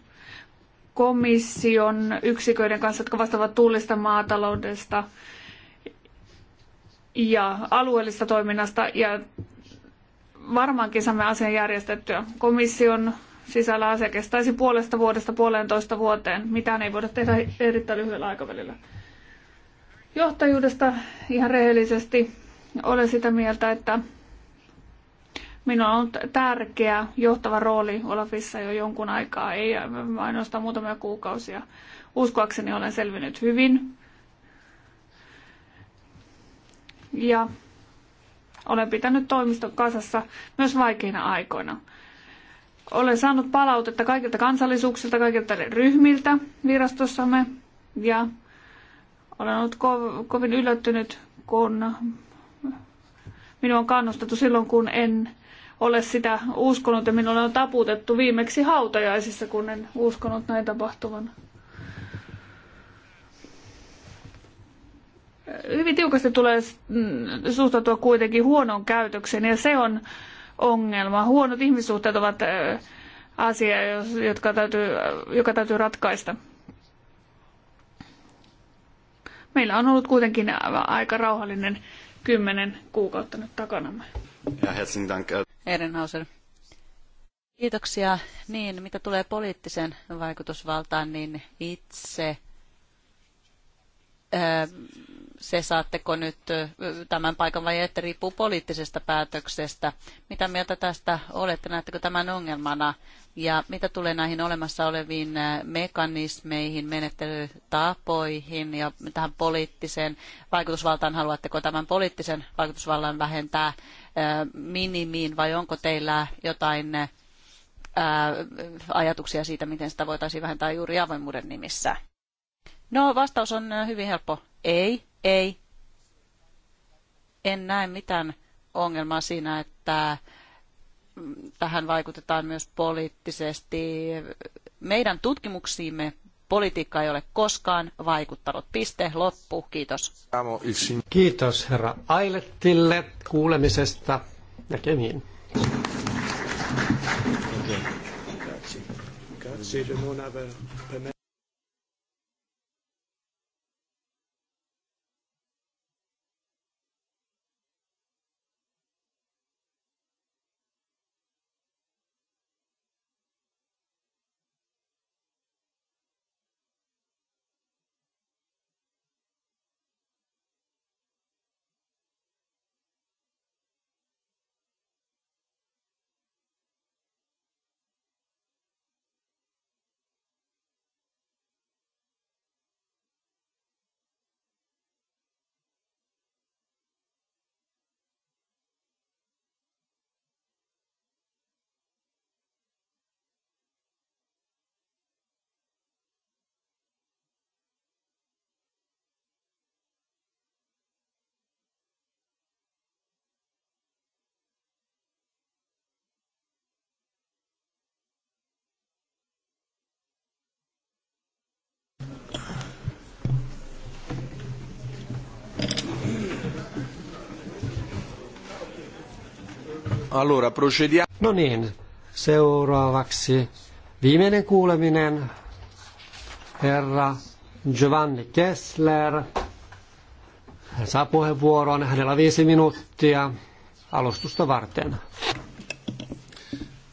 komission yksiköiden kanssa, jotka vastaavat tullista maataloudesta ja alueellista toiminnasta. Ja varmaankin saamme asian järjestettyä. Komission sisällä asia kestäisi puolesta vuodesta puolentoista vuoteen. Mitään ei voida tehdä erittäin lyhyellä aikavälillä. Johtajuudesta ihan rehellisesti olen sitä mieltä, että Minulla on tärkeä johtava rooli Olafissa jo jonkun aikaa, ei ainoastaan muutamia kuukausia. Uskoakseni olen selvinnyt hyvin. Ja olen pitänyt toimiston kasassa myös vaikeina aikoina. Olen saanut palautetta kaikilta kansallisuuksilta, kaikilta ryhmiltä virastossamme ja olen ollut ko- kovin yllättynyt, kun minua on kannustettu silloin, kun en ole sitä uskonut ja minulle on taputettu viimeksi hautajaisissa, kun en uskonut näin tapahtuvan. Hyvin tiukasti tulee mm, suhtautua kuitenkin huonon käytöksen ja se on ongelma. Huonot ihmissuhteet ovat asia, jotka täytyy, joka täytyy ratkaista. Meillä on ollut kuitenkin aika rauhallinen kymmenen kuukautta nyt takanamme. Ja herzlichen Dank. Äh, Ehrenhauser. Kiitoksia. Niin, mitä tulee poliittisen vaikutusvaltaan, niin itse se saatteko nyt tämän paikan vai ette, riippuu poliittisesta päätöksestä. Mitä mieltä tästä olette? Näettekö tämän ongelmana? Ja mitä tulee näihin olemassa oleviin äh, mekanismeihin, menettelytapoihin ja tähän poliittiseen vaikutusvaltaan, haluatteko tämän poliittisen vaikutusvallan vähentää äh, minimiin vai onko teillä jotain äh, ajatuksia siitä, miten sitä voitaisiin vähentää juuri avoimuuden nimissä? No vastaus on hyvin helppo. Ei, ei. En näe mitään ongelmaa siinä, että tähän vaikutetaan myös poliittisesti. Meidän tutkimuksiimme politiikka ei ole koskaan vaikuttanut. Piste, loppu, kiitos. Kiitos herra Ailettille kuulemisesta. Näkemiin. Okay. Allora, procedia... No niin, seuraavaksi viimeinen kuuleminen. Herra Giovanni Kessler. Hän saa puheenvuoron. Hänellä on viisi minuuttia alustusta varten.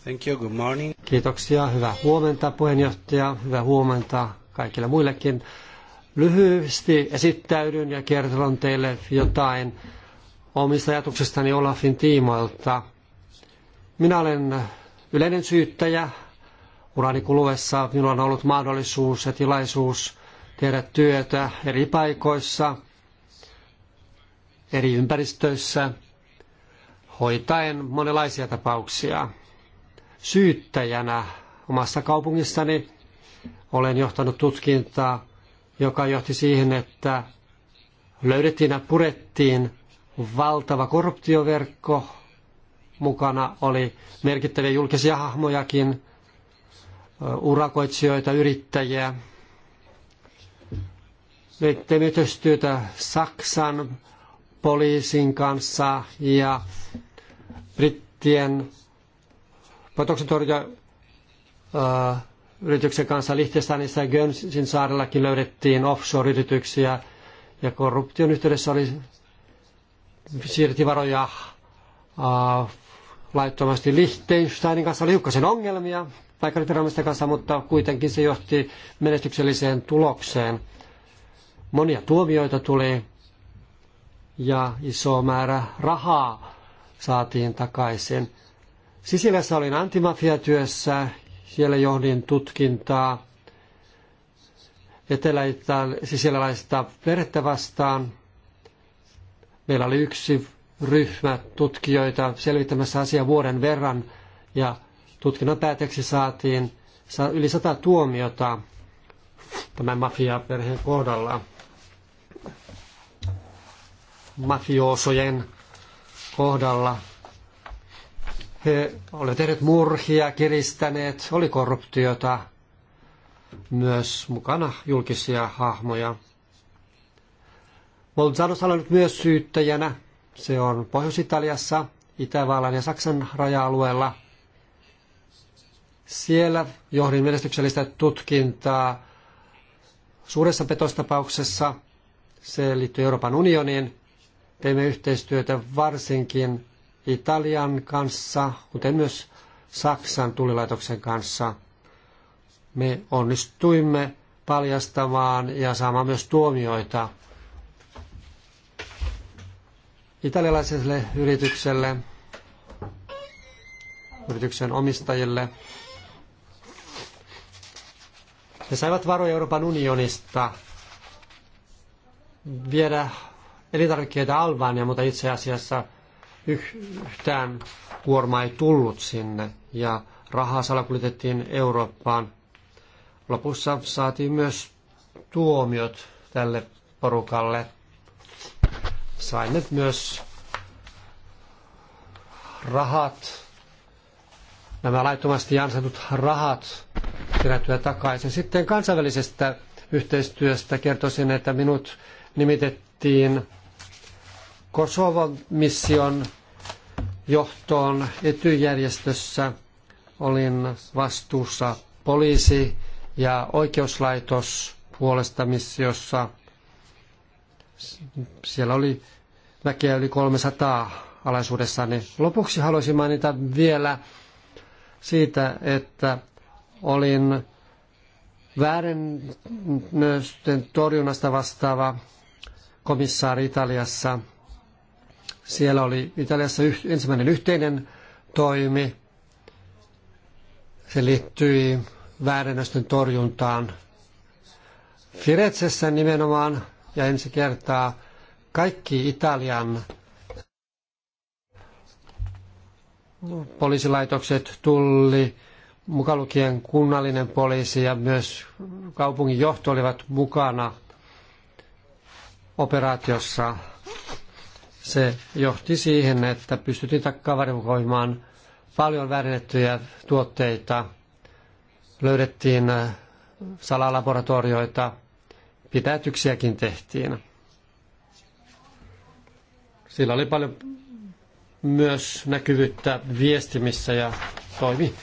Thank you, good morning. Kiitoksia. Hyvää huomenta puheenjohtaja. Hyvää huomenta kaikille muillekin. Lyhyesti esittäydyn ja kerron teille jotain omista ajatuksistani Olafin tiimoilta – minä olen yleinen syyttäjä. Urani kuluessa minulla on ollut mahdollisuus ja tilaisuus tehdä työtä eri paikoissa, eri ympäristöissä, hoitaen monenlaisia tapauksia. Syyttäjänä omassa kaupungissani olen johtanut tutkintaa, joka johti siihen, että löydettiin ja purettiin valtava korruptioverkko, mukana oli merkittäviä julkisia hahmojakin, urakoitsijoita, yrittäjiä. Me teimme yhteistyötä Saksan poliisin kanssa ja brittien petoksen torjunta yrityksen kanssa Liechtensteinissa ja Gönsin saarellakin löydettiin offshore-yrityksiä ja korruption yhteydessä oli siirti varoja laittomasti Liechtensteinin kanssa oli hiukkasen ongelmia paikallisviranomaisten kanssa, mutta kuitenkin se johti menestykselliseen tulokseen. Monia tuomioita tuli ja iso määrä rahaa saatiin takaisin. Sisilässä olin antimafiatyössä, siellä johdin tutkintaa etelä-sisiläläistä perhettä vastaan. Meillä oli yksi ryhmä tutkijoita selvittämässä asiaa vuoden verran ja tutkinnan päätöksi saatiin yli sata tuomiota tämän mafiaperheen kohdalla. Mafiosojen kohdalla. He olivat tehneet murhia, kiristäneet, oli korruptiota, myös mukana julkisia hahmoja. Bolzano on ollut myös syyttäjänä se on Pohjois-Italiassa, Itävallan ja Saksan raja-alueella. Siellä johdin menestyksellistä tutkintaa suuressa petostapauksessa. Se liittyy Euroopan unioniin. Teimme yhteistyötä varsinkin Italian kanssa, kuten myös Saksan tulilaitoksen kanssa. Me onnistuimme paljastamaan ja saamaan myös tuomioita italialaiselle yritykselle, yrityksen omistajille. He saivat varoja Euroopan unionista viedä elintarvikkeita Albania, mutta itse asiassa yhtään kuorma ei tullut sinne ja rahaa salakuljetettiin Eurooppaan. Lopussa saatiin myös tuomiot tälle porukalle – sain nyt myös rahat, nämä laittomasti ansaitut rahat kerättyä takaisin. Sitten kansainvälisestä yhteistyöstä kertoisin, että minut nimitettiin kosovan mission johtoon etyjärjestössä. Olin vastuussa poliisi- ja oikeuslaitos puolesta missiossa – siellä oli väkeä yli 300 alaisuudessa Niin lopuksi haluaisin mainita vielä siitä, että olin väärennösten torjunnasta vastaava komissaari Italiassa. Siellä oli Italiassa ensimmäinen yhteinen toimi. Se liittyi väärennösten torjuntaan. Firetsessä nimenomaan ja ensi kertaa kaikki Italian poliisilaitokset, tulli, mukaan lukien kunnallinen poliisi ja myös kaupungin johto olivat mukana operaatiossa. Se johti siihen, että pystyttiin takavarikoimaan paljon väärennettyjä tuotteita, löydettiin äh, salalaboratorioita, pitäytyksiäkin tehtiin. Sillä oli paljon myös näkyvyyttä viestimissä ja toimi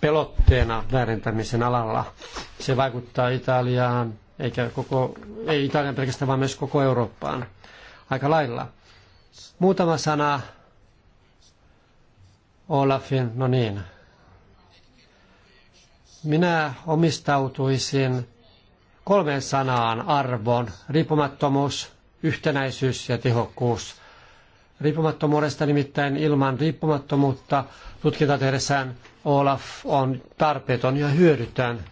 pelotteena väärentämisen alalla. Se vaikuttaa Italiaan, eikä koko, ei Italian pelkästään, vaan myös koko Eurooppaan aika lailla. Muutama sana Olafin, no niin. Minä omistautuisin kolmeen sanaan arvoon, riippumattomuus, yhtenäisyys ja tehokkuus. Riippumattomuudesta nimittäin ilman riippumattomuutta tutkinta tehdessään Olaf on tarpeeton ja hyödytön.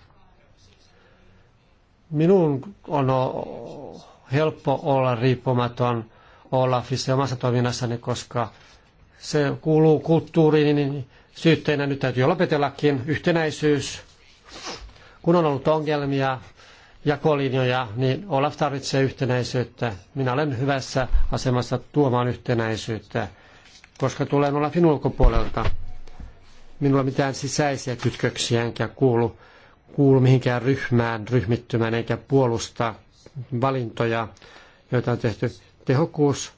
Minun on helppo olla riippumaton Olafissa ja omassa toiminnassani, koska se kuuluu kulttuuriin, niin syytteinä nyt täytyy lopetellakin yhtenäisyys. Kun on ollut ongelmia, jakolinjoja, niin Olaf tarvitsee yhtenäisyyttä. Minä olen hyvässä asemassa tuomaan yhtenäisyyttä, koska tulen Olafin ulkopuolelta. Minulla mitään sisäisiä kytköksiä enkä kuulu, kuulu mihinkään ryhmään, ryhmittymään eikä puolusta valintoja, joita on tehty. Tehokkuus,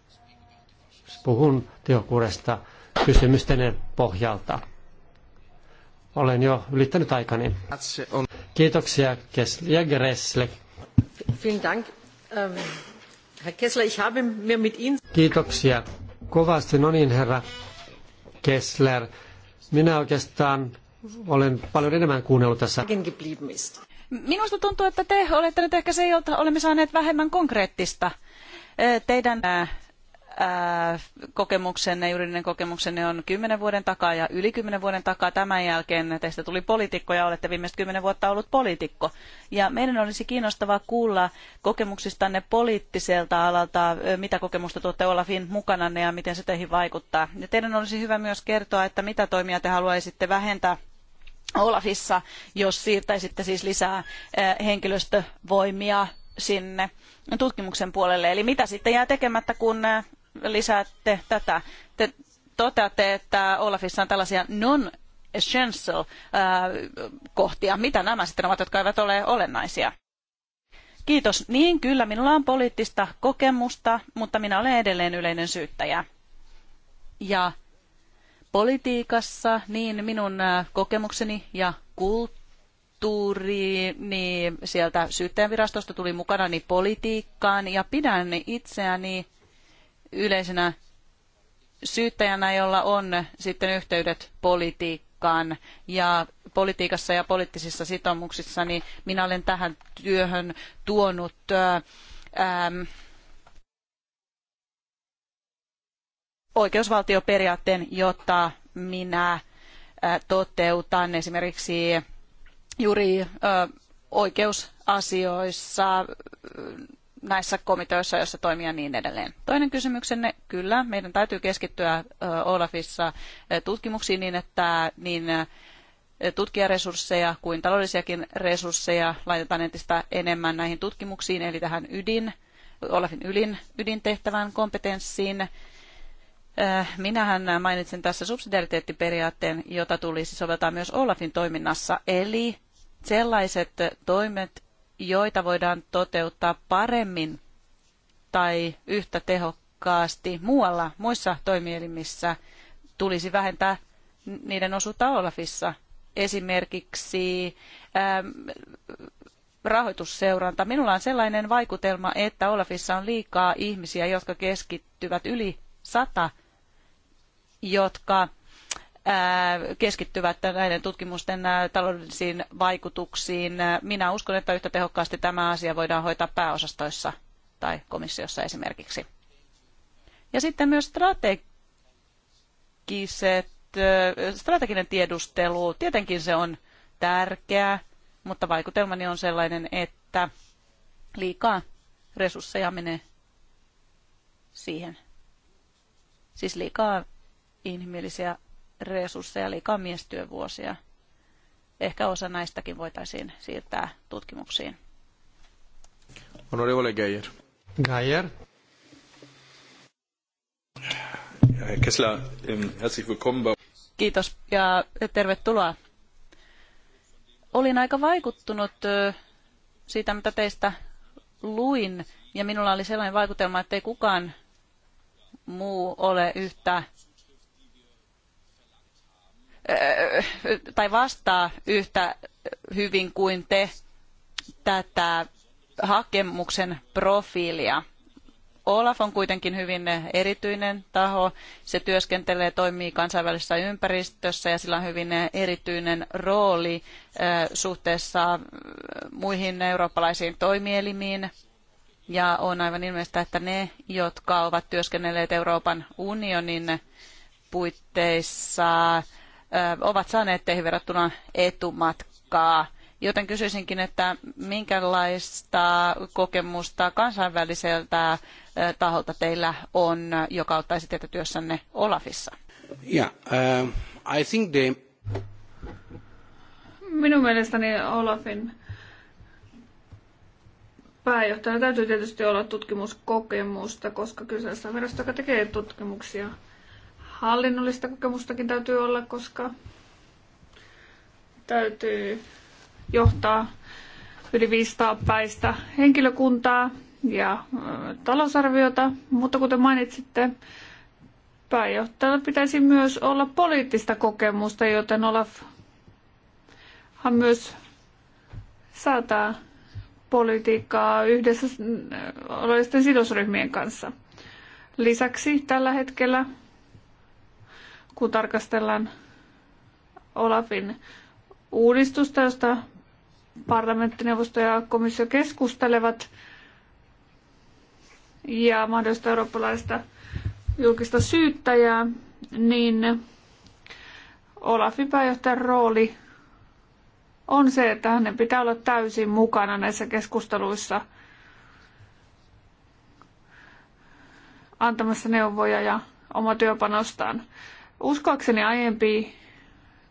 puhun tehokkuudesta kysymysten pohjalta. Olen jo ylittänyt aikani. Kiitoksia ähm, Kessler Kiitoksia kovasti. No niin, herra Kessler. Minä oikeastaan olen paljon enemmän kuunnellut tässä. Minusta tuntuu, että te olette nyt ehkä se, jolta olemme saaneet vähemmän konkreettista äh, teidän äh, Äh, kokemuksenne, juridinen kokemuksenne on kymmenen vuoden takaa ja yli kymmenen vuoden takaa. Tämän jälkeen teistä tuli poliitikko ja olette viimeiset kymmenen vuotta ollut poliitikko. Ja meidän olisi kiinnostavaa kuulla kokemuksistanne poliittiselta alalta, mitä kokemusta tuotte Olafin mukananne ja miten se teihin vaikuttaa. Ja teidän olisi hyvä myös kertoa, että mitä toimia te haluaisitte vähentää Olafissa, jos siirtäisitte siis lisää henkilöstövoimia sinne tutkimuksen puolelle. Eli mitä sitten jää tekemättä, kun lisäätte tätä. Te toteatte, että Olafissa on tällaisia non essential äh, kohtia. Mitä nämä sitten ovat, jotka eivät ole olennaisia? Kiitos. Niin kyllä, minulla on poliittista kokemusta, mutta minä olen edelleen yleinen syyttäjä. Ja politiikassa niin minun äh, kokemukseni ja kulttuuri, niin sieltä virastosta tuli mukana niin politiikkaan ja pidän itseäni yleisenä syyttäjänä, jolla on sitten yhteydet politiikkaan ja politiikassa ja poliittisissa sitoumuksissa, niin minä olen tähän työhön tuonut ähm, oikeusvaltioperiaatteen, jota minä toteutan esimerkiksi juuri oikeusasioissa näissä komiteoissa, joissa toimia niin edelleen. Toinen kysymyksenne, kyllä, meidän täytyy keskittyä Olafissa tutkimuksiin niin, että niin tutkijaresursseja kuin taloudellisiakin resursseja laitetaan entistä enemmän näihin tutkimuksiin, eli tähän ydin, Olafin ylin, ydintehtävän kompetenssiin. Minähän mainitsen tässä subsidiariteettiperiaatteen, jota tulisi soveltaa myös Olafin toiminnassa, eli sellaiset toimet, joita voidaan toteuttaa paremmin tai yhtä tehokkaasti muualla, muissa toimielimissä, tulisi vähentää niiden osuutta Olafissa. Esimerkiksi ähm, rahoitusseuranta. Minulla on sellainen vaikutelma, että Olafissa on liikaa ihmisiä, jotka keskittyvät yli sata, jotka keskittyvät näiden tutkimusten taloudellisiin vaikutuksiin. Minä uskon, että yhtä tehokkaasti tämä asia voidaan hoitaa pääosastoissa tai komissiossa esimerkiksi. Ja sitten myös strategiset, strateginen tiedustelu. Tietenkin se on tärkeää, mutta vaikutelmani on sellainen, että liikaa resursseja menee siihen. Siis liikaa inhimillisiä resursseja, liikaa miestyövuosia. Ehkä osa näistäkin voitaisiin siirtää tutkimuksiin. Honorable Geijer. Geijer. Herr Kessler, ähm, herzlich willkommen Kiitos ja tervetuloa. Olin aika vaikuttunut siitä, mitä teistä luin, ja minulla oli sellainen vaikutelma, että ei kukaan muu ole yhtä tai vastaa yhtä hyvin kuin te tätä hakemuksen profiilia. Olaf on kuitenkin hyvin erityinen taho. Se työskentelee, toimii kansainvälisessä ympäristössä ja sillä on hyvin erityinen rooli suhteessa muihin eurooppalaisiin toimielimiin. Ja on aivan ilmeistä, että ne, jotka ovat työskennelleet Euroopan unionin puitteissa ovat saaneet teihin verrattuna etumatkaa. Joten kysyisinkin, että minkälaista kokemusta kansainväliseltä taholta teillä on, joka auttaisi teitä työssänne Olafissa? Yeah, uh, I think they... Minun mielestäni Olafin pääjohtajalla täytyy tietysti olla tutkimuskokemusta, koska kyseessä on virasto, joka tekee tutkimuksia hallinnollista kokemustakin täytyy olla, koska täytyy johtaa yli 500 päistä henkilökuntaa ja talousarviota, mutta kuten mainitsitte, pääjohtajalla pitäisi myös olla poliittista kokemusta, joten Olafhan myös säätää politiikkaa yhdessä oleellisten sidosryhmien kanssa. Lisäksi tällä hetkellä kun tarkastellaan Olafin uudistusta, josta parlamenttineuvosto ja komissio keskustelevat, ja mahdollista eurooppalaista julkista syyttäjää, niin Olafin pääjohtajan rooli on se, että hänen pitää olla täysin mukana näissä keskusteluissa antamassa neuvoja ja oma työpanostaan. Uskoakseni aiempi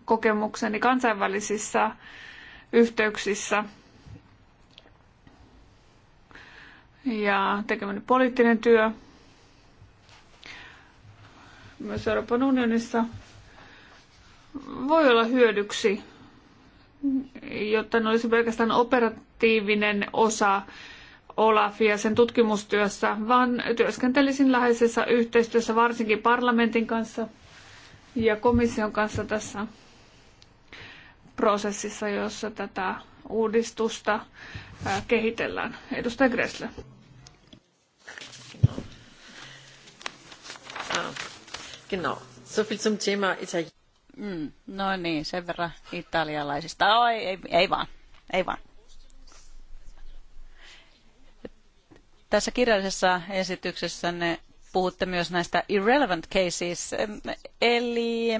kokemukseni kansainvälisissä yhteyksissä ja tekemäni poliittinen työ myös Euroopan unionissa voi olla hyödyksi, jotta ne olisi pelkästään operatiivinen osa Olafia sen tutkimustyössä, vaan työskentelisin läheisessä yhteistyössä varsinkin parlamentin kanssa – ja komission kanssa tässä prosessissa, jossa tätä uudistusta kehitellään. Edustaja Gressle. Ah, genau. So viel zum Thema Italien. Mm, no niin, sen verran italialaisista. Oi, ei, ei vaan, ei vaan. Tässä kirjallisessa esityksessä ne puhutte myös näistä irrelevant cases, eli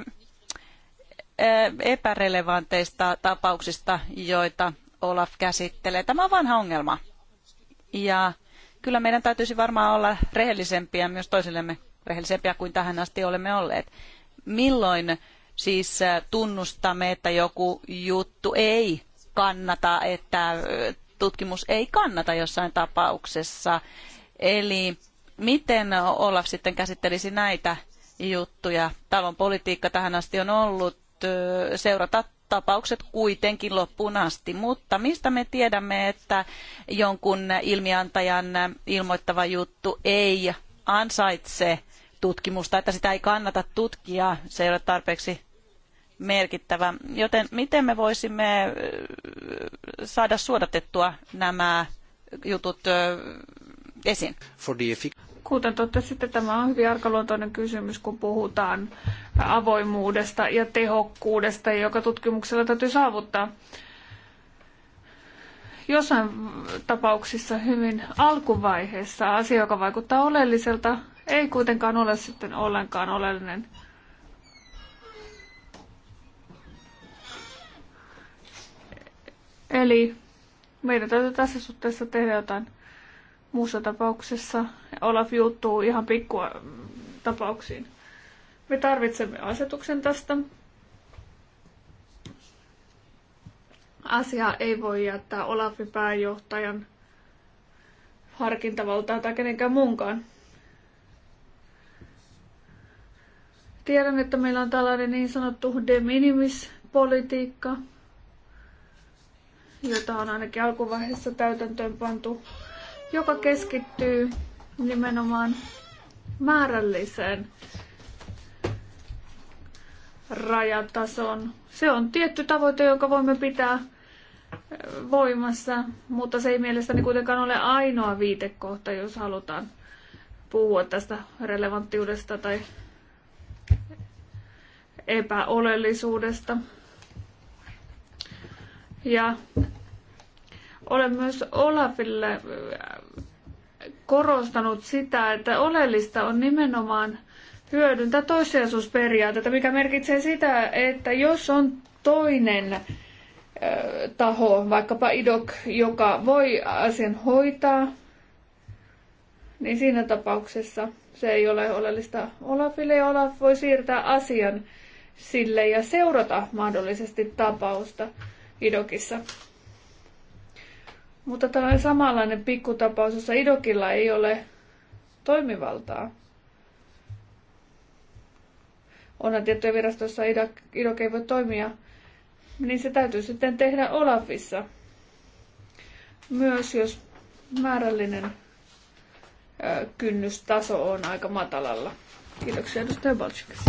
eh, epärelevanteista tapauksista, joita Olaf käsittelee. Tämä on vanha ongelma. Ja kyllä meidän täytyisi varmaan olla rehellisempiä myös toisillemme, rehellisempiä kuin tähän asti olemme olleet. Milloin siis eh, tunnustamme, että joku juttu ei kannata, että eh, tutkimus ei kannata jossain tapauksessa. Eli miten Olaf sitten käsittelisi näitä juttuja? Talon politiikka tähän asti on ollut seurata tapaukset kuitenkin loppuun asti, mutta mistä me tiedämme, että jonkun ilmiantajan ilmoittava juttu ei ansaitse tutkimusta, että sitä ei kannata tutkia, se ei ole tarpeeksi merkittävä. Joten miten me voisimme saada suodatettua nämä jutut esiin? Kuten totesitte, tämä on hyvin arkaluontoinen kysymys, kun puhutaan avoimuudesta ja tehokkuudesta, joka tutkimuksella täytyy saavuttaa. Jossain tapauksissa hyvin alkuvaiheessa asia, joka vaikuttaa oleelliselta, ei kuitenkaan ole sitten ollenkaan oleellinen. Eli meidän täytyy tässä suhteessa tehdä jotain Muussa tapauksessa Olaf juuttuu ihan pikkua äh, tapauksiin. Me tarvitsemme asetuksen tästä. Asia ei voi jättää Olafin pääjohtajan harkintavaltaa tai kenenkään muunkaan. Tiedän, että meillä on tällainen niin sanottu de minimis politiikka, jota on ainakin alkuvaiheessa täytäntöön pantu joka keskittyy nimenomaan määrälliseen rajatason. Se on tietty tavoite, jonka voimme pitää eh, voimassa, mutta se ei mielestäni kuitenkaan ole ainoa viitekohta, jos halutaan puhua tästä relevanttiudesta tai epäolellisuudesta. Ja olen myös Olafille äh, korostanut sitä, että oleellista on nimenomaan hyödyntää toissijaisuusperiaatetta, mikä merkitsee sitä, että jos on toinen äh, taho, vaikkapa IDOC, joka voi asian hoitaa, niin siinä tapauksessa se ei ole oleellista Olafille ja Olaf voi siirtää asian sille ja seurata mahdollisesti tapausta IDOKissa. Mutta tällainen samanlainen pikkutapaus, jossa idokilla ei ole toimivaltaa. Onhan tiettyjä virastoissa idok ei voi toimia, niin se täytyy sitten tehdä Olafissa. Myös jos määrällinen kynnystaso on aika matalalla. Kiitoksia edustaja Balchikas.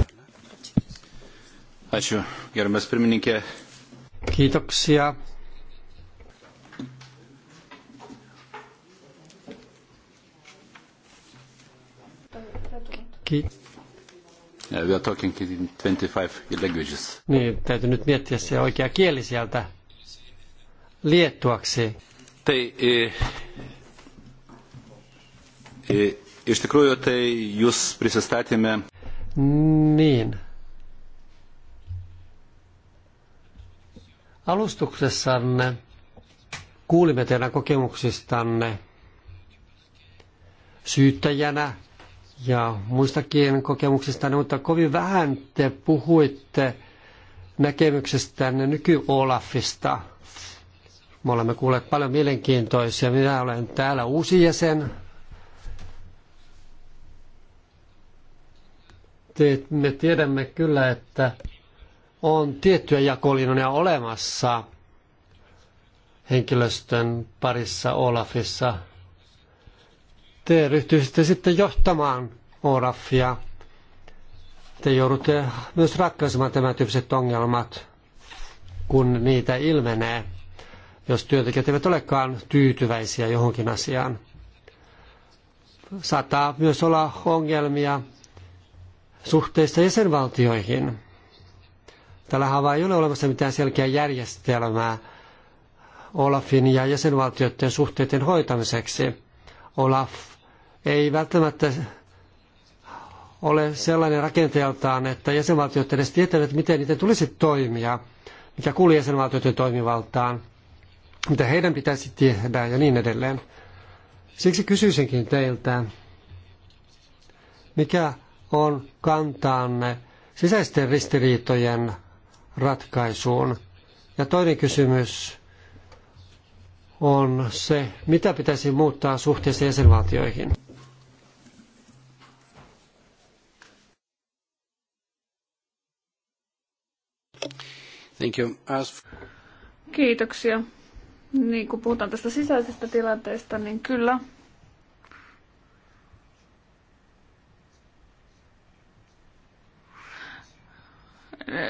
Kiitoksia Ki- yeah, we are talking in 25 languages. Niin, täytyy nyt miettiä se oikea kieli sieltä liettuaksi. Tai, e, e, iš tikrųjų, tai jūs prisistatėme. Niin. Alustuksessanne kuulimme teidän kokemuksistanne syyttäjänä, ja muistakin kokemuksista, no, mutta kovin vähän te puhuitte näkemyksestänne nyky-Olafista. Me olemme kuulleet paljon mielenkiintoisia. Minä olen täällä uusi jäsen. Me tiedämme kyllä, että on tiettyjä jakolinoja olemassa henkilöstön parissa Olafissa – te ryhtyisitte sitten johtamaan Orafia. Te joudutte myös ratkaisemaan tämän tyyppiset ongelmat, kun niitä ilmenee, jos työntekijät eivät olekaan tyytyväisiä johonkin asiaan. Saattaa myös olla ongelmia suhteista jäsenvaltioihin. Tällä havaa ei ole olemassa mitään selkeää järjestelmää Olafin ja jäsenvaltioiden suhteiden hoitamiseksi. Olaf ei välttämättä ole sellainen rakenteeltaan, että jäsenvaltiot edes tietävät, miten niiden tulisi toimia, mikä kuuluu jäsenvaltioiden toimivaltaan, mitä heidän pitäisi tehdä ja niin edelleen. Siksi kysyisinkin teiltä, mikä on kantaanne sisäisten ristiriitojen ratkaisuun? Ja toinen kysymys on se, mitä pitäisi muuttaa suhteessa jäsenvaltioihin? Thank you. As... Kiitoksia. Niin kun puhutaan tästä sisäisestä tilanteesta, niin kyllä.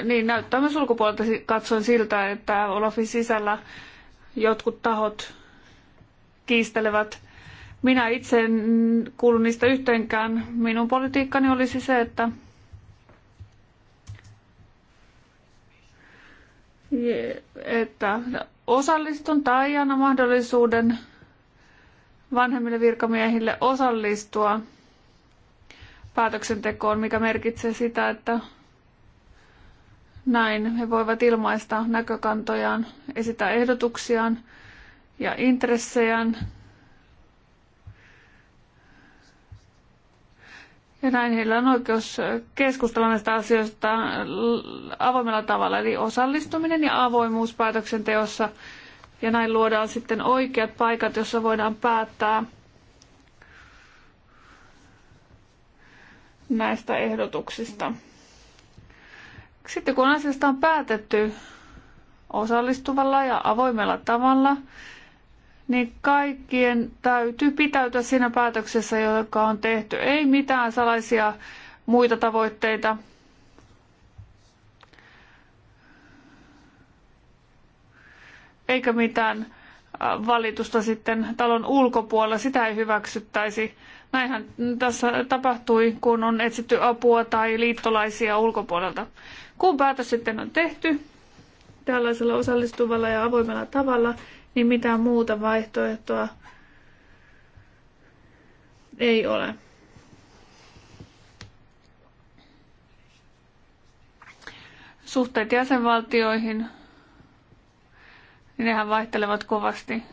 Niin näyttää myös ulkopuolelta katsoen siltä, että Olafin sisällä jotkut tahot kiistelevät. Minä itse en kuulu niistä yhteenkään. Minun politiikkani olisi se, että että osallistun tai anna mahdollisuuden vanhemmille virkamiehille osallistua päätöksentekoon, mikä merkitsee sitä, että näin he voivat ilmaista näkökantojaan, esittää ehdotuksiaan ja intressejään Ja näin heillä on oikeus keskustella näistä asioista avoimella tavalla, eli osallistuminen ja avoimuus päätöksenteossa. Ja näin luodaan sitten oikeat paikat, joissa voidaan päättää näistä ehdotuksista. Sitten kun asiasta on päätetty osallistuvalla ja avoimella tavalla, niin kaikkien täytyy pitäytyä siinä päätöksessä, joka on tehty. Ei mitään salaisia muita tavoitteita. Eikä mitään valitusta sitten talon ulkopuolella, sitä ei hyväksyttäisi. Näinhän tässä tapahtui, kun on etsitty apua tai liittolaisia ulkopuolelta. Kun päätös sitten on tehty tällaisella osallistuvalla ja avoimella tavalla, niin mitään muuta vaihtoehtoa ei ole. Suhteet jäsenvaltioihin, niin nehän vaihtelevat kovasti.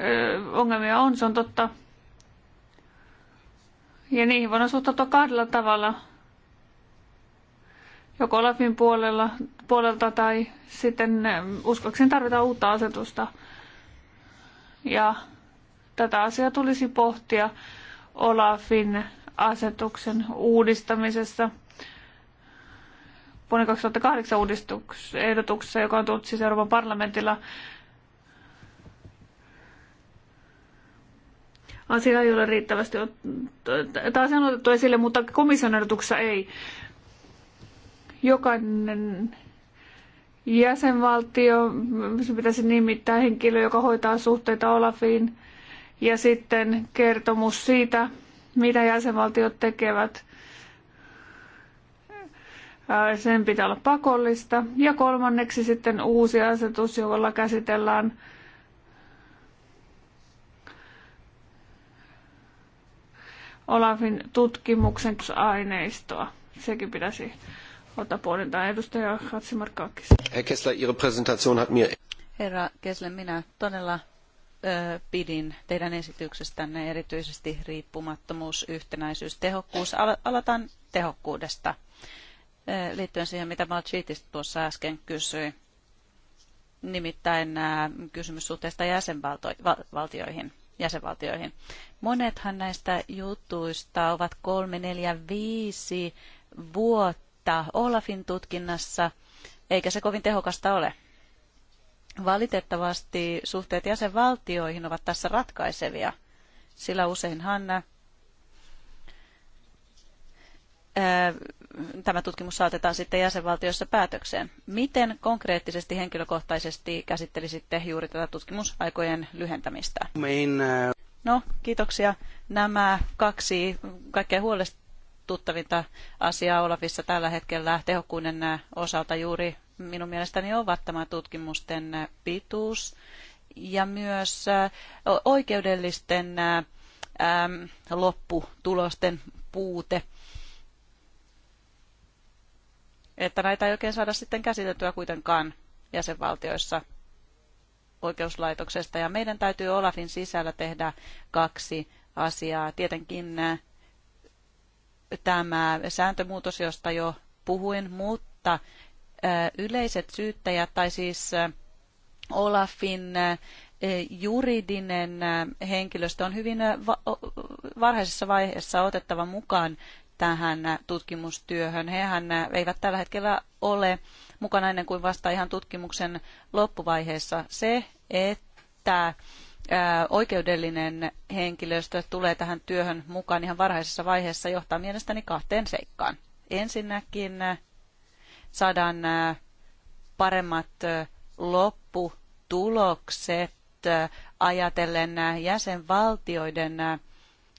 Öö, ongelmia on, se on totta. Ja niihin voidaan suhtautua kahdella tavalla. Joko Olafin puolella, puolelta tai sitten uskoakseni tarvitaan uutta asetusta – ja tätä asiaa tulisi pohtia Olafin asetuksen uudistamisessa vuonna 2008 uudistusehdotuksessa, joka on tullut siis Euroopan parlamentilla. Asia ei ole riittävästi, taas on otettu esille, mutta komission ehdotuksessa ei. Jokainen jäsenvaltio, se pitäisi nimittää henkilö, joka hoitaa suhteita Olafiin, ja sitten kertomus siitä, mitä jäsenvaltiot tekevät. Sen pitää olla pakollista. Ja kolmanneksi sitten uusi asetus, jolla käsitellään Olafin tutkimuksen aineistoa. Sekin pitäisi Herr Kessler, Ihre Präsentation hat mir... Herra Kessler, minä todella pidin teidän esityksestänne erityisesti riippumattomuus, yhtenäisyys, tehokkuus. aloitan tehokkuudesta liittyen siihen, mitä Malchitista tuossa äsken kysyi. Nimittäin kysymys suhteesta jäsenvaltioihin jäsenvaltioihin. Monethan näistä jutuista ovat kolme, neljä, viisi vuotta sitä Olafin tutkinnassa, eikä se kovin tehokasta ole. Valitettavasti suhteet jäsenvaltioihin ovat tässä ratkaisevia, sillä usein Hanna, äh, tämä tutkimus saatetaan sitten jäsenvaltioissa päätökseen. Miten konkreettisesti henkilökohtaisesti käsittelisitte juuri tätä tutkimusaikojen lyhentämistä? Äh, no, kiitoksia. Nämä kaksi kaikkein tuttavinta asiaa Olafissa tällä hetkellä tehokkuuden osalta juuri minun mielestäni ovat tämä tutkimusten pituus ja myös oikeudellisten lopputulosten puute. Että näitä ei oikein saada sitten käsiteltyä kuitenkaan jäsenvaltioissa oikeuslaitoksesta. Ja meidän täytyy Olafin sisällä tehdä kaksi asiaa. Tietenkin tämä sääntömuutos, josta jo puhuin, mutta yleiset syyttäjät tai siis Olafin juridinen henkilöstö on hyvin varhaisessa vaiheessa otettava mukaan tähän tutkimustyöhön. Hehän eivät tällä hetkellä ole mukana ennen kuin vasta ihan tutkimuksen loppuvaiheessa. Se, että oikeudellinen henkilöstö tulee tähän työhön mukaan ihan varhaisessa vaiheessa, johtaa mielestäni kahteen seikkaan. Ensinnäkin saadaan paremmat lopputulokset ajatellen jäsenvaltioiden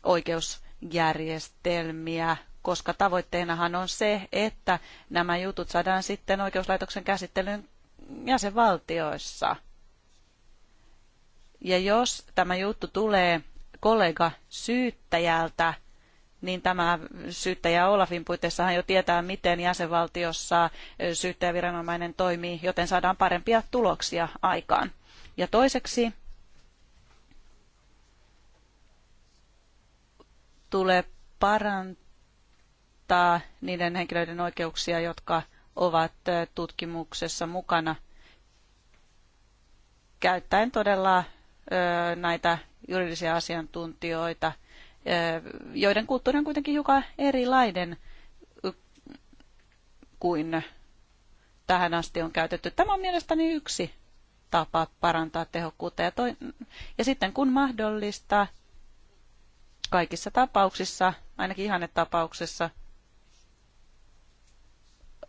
oikeusjärjestelmiä, koska tavoitteenahan on se, että nämä jutut saadaan sitten oikeuslaitoksen käsittelyyn jäsenvaltioissa – ja jos tämä juttu tulee kollega syyttäjältä, niin tämä syyttäjä Olafin puitteissahan jo tietää, miten jäsenvaltiossa syyttäjäviranomainen toimii, joten saadaan parempia tuloksia aikaan. Ja toiseksi tulee parantaa niiden henkilöiden oikeuksia, jotka ovat tutkimuksessa mukana, käyttäen todella näitä juridisia asiantuntijoita, joiden kulttuuri on kuitenkin hiukan erilainen kuin tähän asti on käytetty. Tämä on mielestäni yksi tapa parantaa tehokkuutta. Ja, toi, ja sitten kun mahdollista, kaikissa tapauksissa, ainakin tapauksessa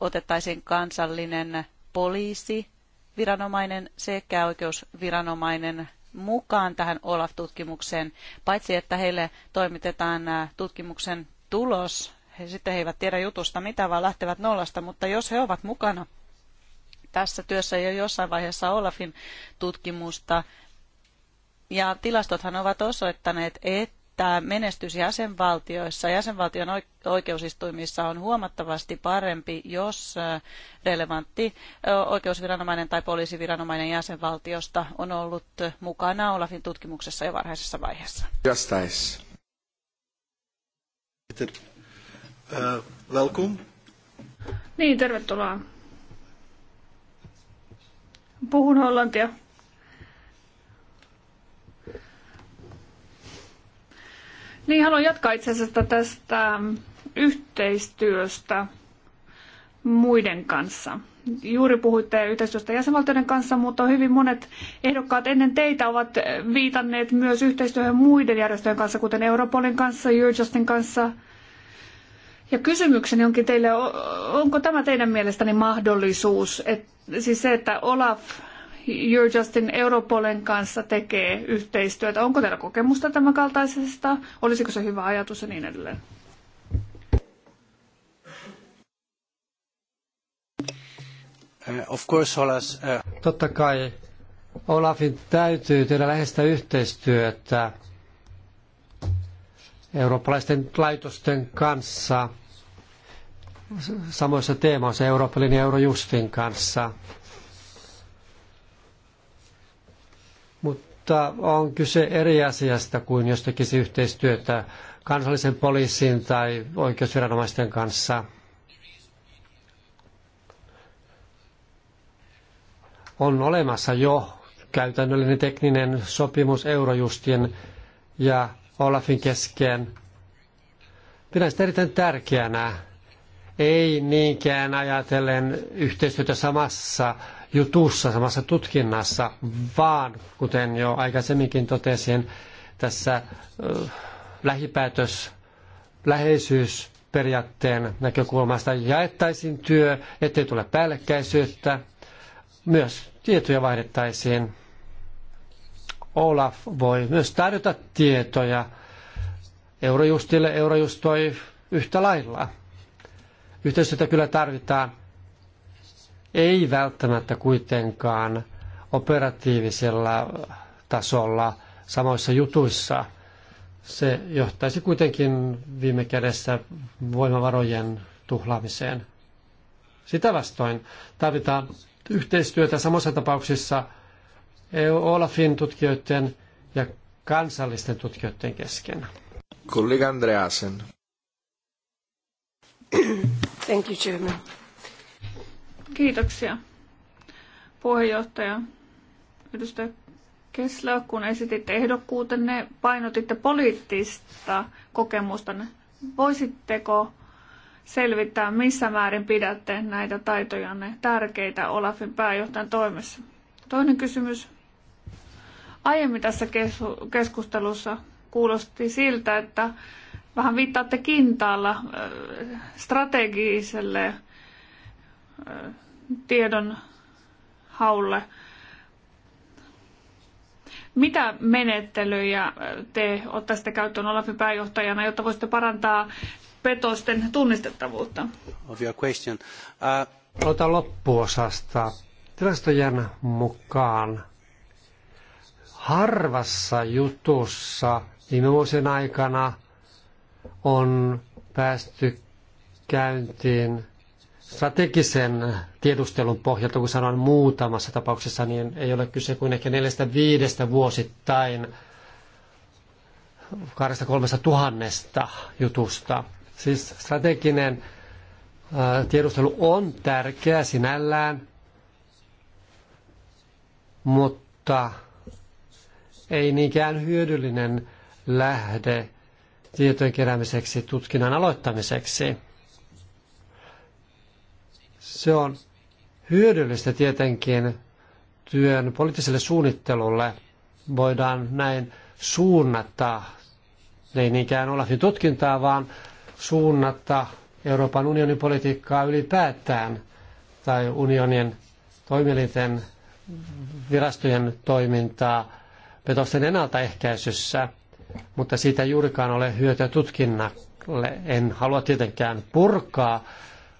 otettaisiin kansallinen poliisi, viranomainen sekä oikeusviranomainen mukaan tähän OLAF-tutkimukseen, paitsi että heille toimitetaan äh, tutkimuksen tulos, he sitten he eivät tiedä jutusta mitä, vaan lähtevät nollasta, mutta jos he ovat mukana tässä työssä jo jossain vaiheessa OLAFin tutkimusta, ja tilastothan ovat osoittaneet, että että menestys jäsenvaltioissa, jäsenvaltion oikeusistuimissa on huomattavasti parempi, jos äh, relevantti oikeusviranomainen tai poliisiviranomainen jäsenvaltiosta on ollut mukana Olafin tutkimuksessa jo varhaisessa vaiheessa. Justice. Uh, äh, welcome. Niin, tervetuloa. Puhun hollantia. Niin, haluan jatkaa itse asiassa tästä yhteistyöstä muiden kanssa. Juuri puhuitte yhteistyöstä jäsenvaltioiden kanssa, mutta hyvin monet ehdokkaat ennen teitä ovat viitanneet myös yhteistyöhön muiden järjestöjen kanssa, kuten Europolin kanssa, Eurojustin kanssa. Ja kysymykseni onkin teille, onko tämä teidän mielestäni mahdollisuus, että siis se, että Olaf Eurojustin Europolen kanssa tekee yhteistyötä. Onko teillä kokemusta tämän kaltaisesta? Olisiko se hyvä ajatus ja niin edelleen? Uh, of course, Olas, uh... Totta kai Olafin täytyy tehdä läheistä yhteistyötä eurooppalaisten laitosten kanssa samoissa teemoissa Euroopan ja Eurojustin kanssa – mutta on kyse eri asiasta kuin jos tekisi yhteistyötä kansallisen poliisin tai oikeusviranomaisten kanssa. On olemassa jo käytännöllinen tekninen sopimus Eurojustin ja Olafin kesken. Pidän sitä erittäin tärkeänä, ei niinkään ajatellen yhteistyötä samassa jutussa, samassa tutkinnassa, vaan kuten jo aikaisemminkin totesin, tässä lähipäätös, läheisyysperiaatteen näkökulmasta jaettaisiin työ, ettei tule päällekkäisyyttä. Myös tietoja vaihdettaisiin. Olaf voi myös tarjota tietoja Eurojustille, Eurojust toi yhtä lailla. Yhteistyötä kyllä tarvitaan ei välttämättä kuitenkaan operatiivisella tasolla samoissa jutuissa. Se johtaisi kuitenkin viime kädessä voimavarojen tuhlaamiseen. Sitä vastoin tarvitaan yhteistyötä samassa tapauksissa e Olafin tutkijoiden ja kansallisten tutkijoiden kesken. Kollega Andreasen. Thank you, Chairman. Kiitoksia puheenjohtaja edustaja Kessler, kun esititte ehdokkuutenne, painotitte poliittista kokemusta. Voisitteko selvittää, missä määrin pidätte näitä taitojanne tärkeitä Olafin pääjohtajan toimessa? Toinen kysymys. Aiemmin tässä keskustelussa kuulosti siltä, että vähän viittaatte kintaalla äh, strategiselle äh, tiedon haulle. Mitä menettelyjä te ottaisitte käyttöön Olafin pääjohtajana, jotta voisitte parantaa petosten tunnistettavuutta? Of your question. Uh... Aloitan loppuosasta. Tilastojen mukaan harvassa jutussa viime vuosien aikana on päästy käyntiin strategisen tiedustelun pohjalta, kun sanon muutamassa tapauksessa, niin ei ole kyse kuin ehkä neljästä viidestä vuosittain kahdesta kolmesta tuhannesta jutusta. Siis strateginen tiedustelu on tärkeä sinällään, mutta ei niinkään hyödyllinen lähde tietojen keräämiseksi tutkinnan aloittamiseksi. Se on hyödyllistä tietenkin työn poliittiselle suunnittelulle. Voidaan näin suunnata, ei niinkään Olafin tutkintaa, vaan suunnata Euroopan unionin politiikkaa ylipäätään tai unionin toimielinten virastojen toimintaa petosten ennaltaehkäisyssä, mutta siitä ei juurikaan ole hyötyä tutkinnalle. En halua tietenkään purkaa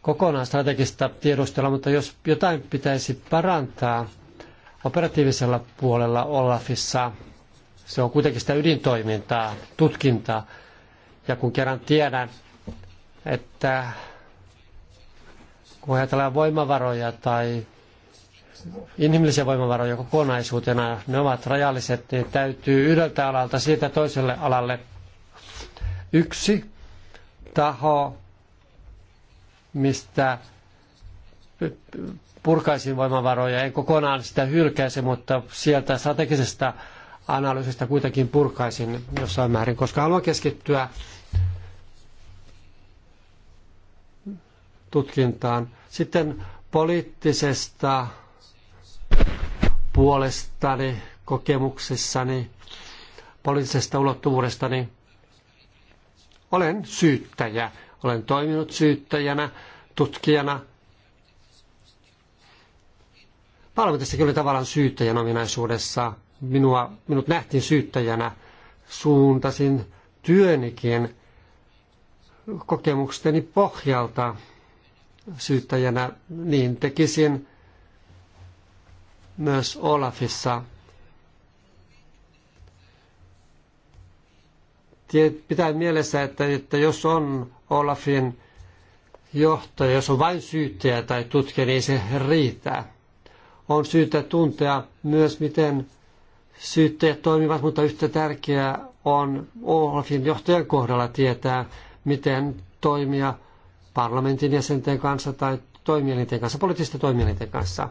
kokonaan strategista tiedustelua, mutta jos jotain pitäisi parantaa operatiivisella puolella Olafissa, se on kuitenkin sitä ydintoimintaa, tutkintaa. Ja kun kerran tiedän, että kun ajatellaan voimavaroja tai inhimillisiä voimavaroja kokonaisuutena, ne ovat rajalliset, niin täytyy yhdeltä alalta siitä toiselle alalle yksi taho mistä purkaisin voimavaroja, en kokonaan sitä hylkäisi, mutta sieltä strategisesta analyysistä kuitenkin purkaisin jossain määrin, koska haluan keskittyä tutkintaan. Sitten poliittisesta puolestani, kokemuksissani, poliittisesta ulottuvuudestani olen syyttäjä. Olen toiminut syyttäjänä, tutkijana. Palvelutassakin oli tavallaan syyttäjän ominaisuudessa. Minua, minut nähtiin syyttäjänä. Suuntasin työnikin kokemusteni pohjalta syyttäjänä. Niin tekisin myös Olafissa. Pitää mielessä, että, että jos on Olafin johtaja, jos on vain syyttäjä tai tutkija, niin se riitä. On syytä tuntea myös, miten syyttäjät toimivat, mutta yhtä tärkeää on Olafin johtajan kohdalla tietää, miten toimia parlamentin jäsenten kanssa tai toimielinten kanssa, poliittisten toimielinten kanssa.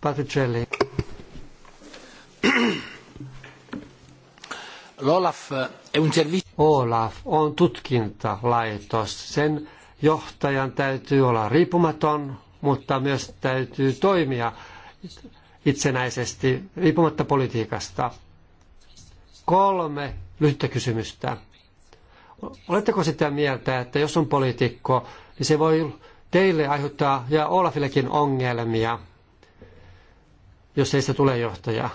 Patricelli. Olaf, Olaf on tutkintalaitos. Sen johtajan täytyy olla riippumaton, mutta myös täytyy toimia itsenäisesti, riippumatta politiikasta. Kolme lyhyttä kysymystä. Oletteko sitä mieltä, että jos on poliitikko, niin se voi teille aiheuttaa ja Olafillekin ongelmia, jos ei se tule johtajaa?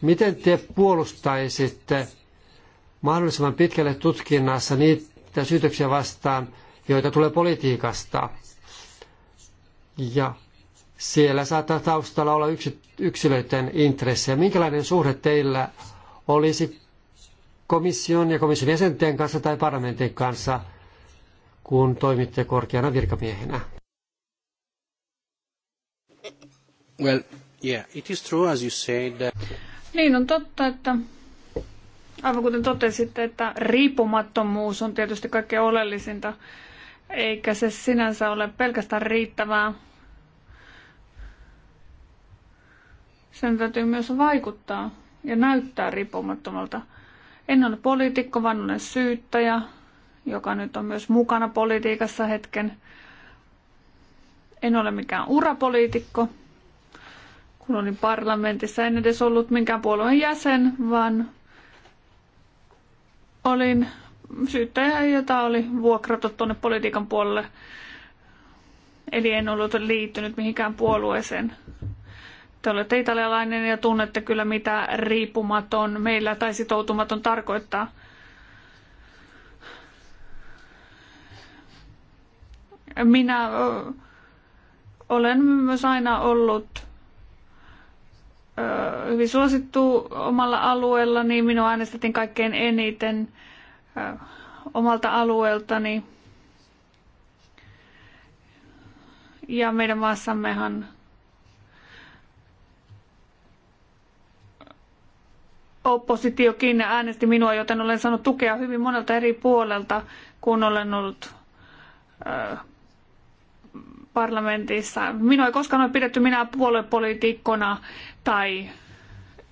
Miten te puolustaisitte mahdollisimman pitkälle tutkinnassa niitä syytöksiä vastaan, joita tulee politiikasta? Ja siellä saattaa taustalla olla yksilöiden intressejä. Minkälainen suhde teillä olisi komission ja komission jäsenten kanssa tai parlamentin kanssa, kun toimitte korkeana virkamiehenä? Well, yeah, it is true as you said that... Niin on totta, että aivan kuten totesitte, että riippumattomuus on tietysti kaikkein oleellisinta, eikä se sinänsä ole pelkästään riittävää. Sen täytyy myös vaikuttaa ja näyttää riippumattomalta. En ole poliitikko, vaan olen syyttäjä, joka nyt on myös mukana politiikassa hetken. En ole mikään urapoliitikko, kun olin parlamentissa. En edes ollut minkään puolueen jäsen, vaan olin syyttäjä, jota oli vuokrattu tuonne politiikan puolelle. Eli en ollut liittynyt mihinkään puolueeseen. Te olette italialainen ja tunnette kyllä mitä riippumaton meillä tai sitoutumaton tarkoittaa. Minä olen myös aina ollut hyvin suosittu omalla alueella, niin minua äänestettiin kaikkein eniten omalta alueeltani. Ja meidän maassammehan oppositiokin äänesti minua, joten olen saanut tukea hyvin monelta eri puolelta, kun olen ollut parlamentissa. Minua ei koskaan ole pidetty minä puoluepoliitikkona tai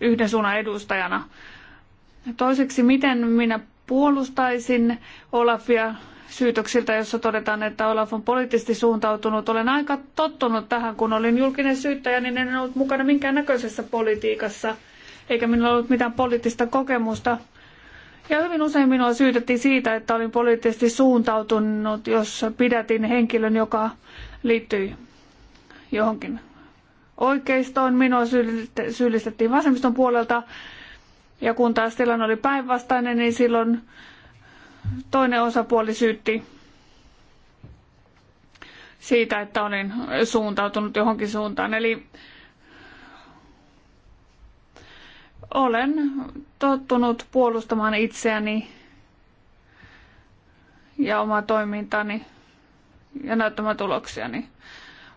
yhden suunnan edustajana. Toiseksi, miten minä puolustaisin Olafia syytöksiltä, jossa todetaan, että Olaf on poliittisesti suuntautunut. Olen aika tottunut tähän, kun olin julkinen syyttäjä, niin en ollut mukana minkään näköisessä politiikassa, eikä minulla ollut mitään poliittista kokemusta. Ja hyvin usein minua syytettiin siitä, että olin poliittisesti suuntautunut, jos pidätin henkilön, joka liittyi johonkin oikeistoon. Minua syyllistettiin vasemmiston puolelta. Ja kun taas tilanne oli päinvastainen, niin silloin toinen osapuoli syytti siitä, että olin suuntautunut johonkin suuntaan. Eli olen tottunut puolustamaan itseäni ja omaa toimintani ja näyttämään tuloksia, niin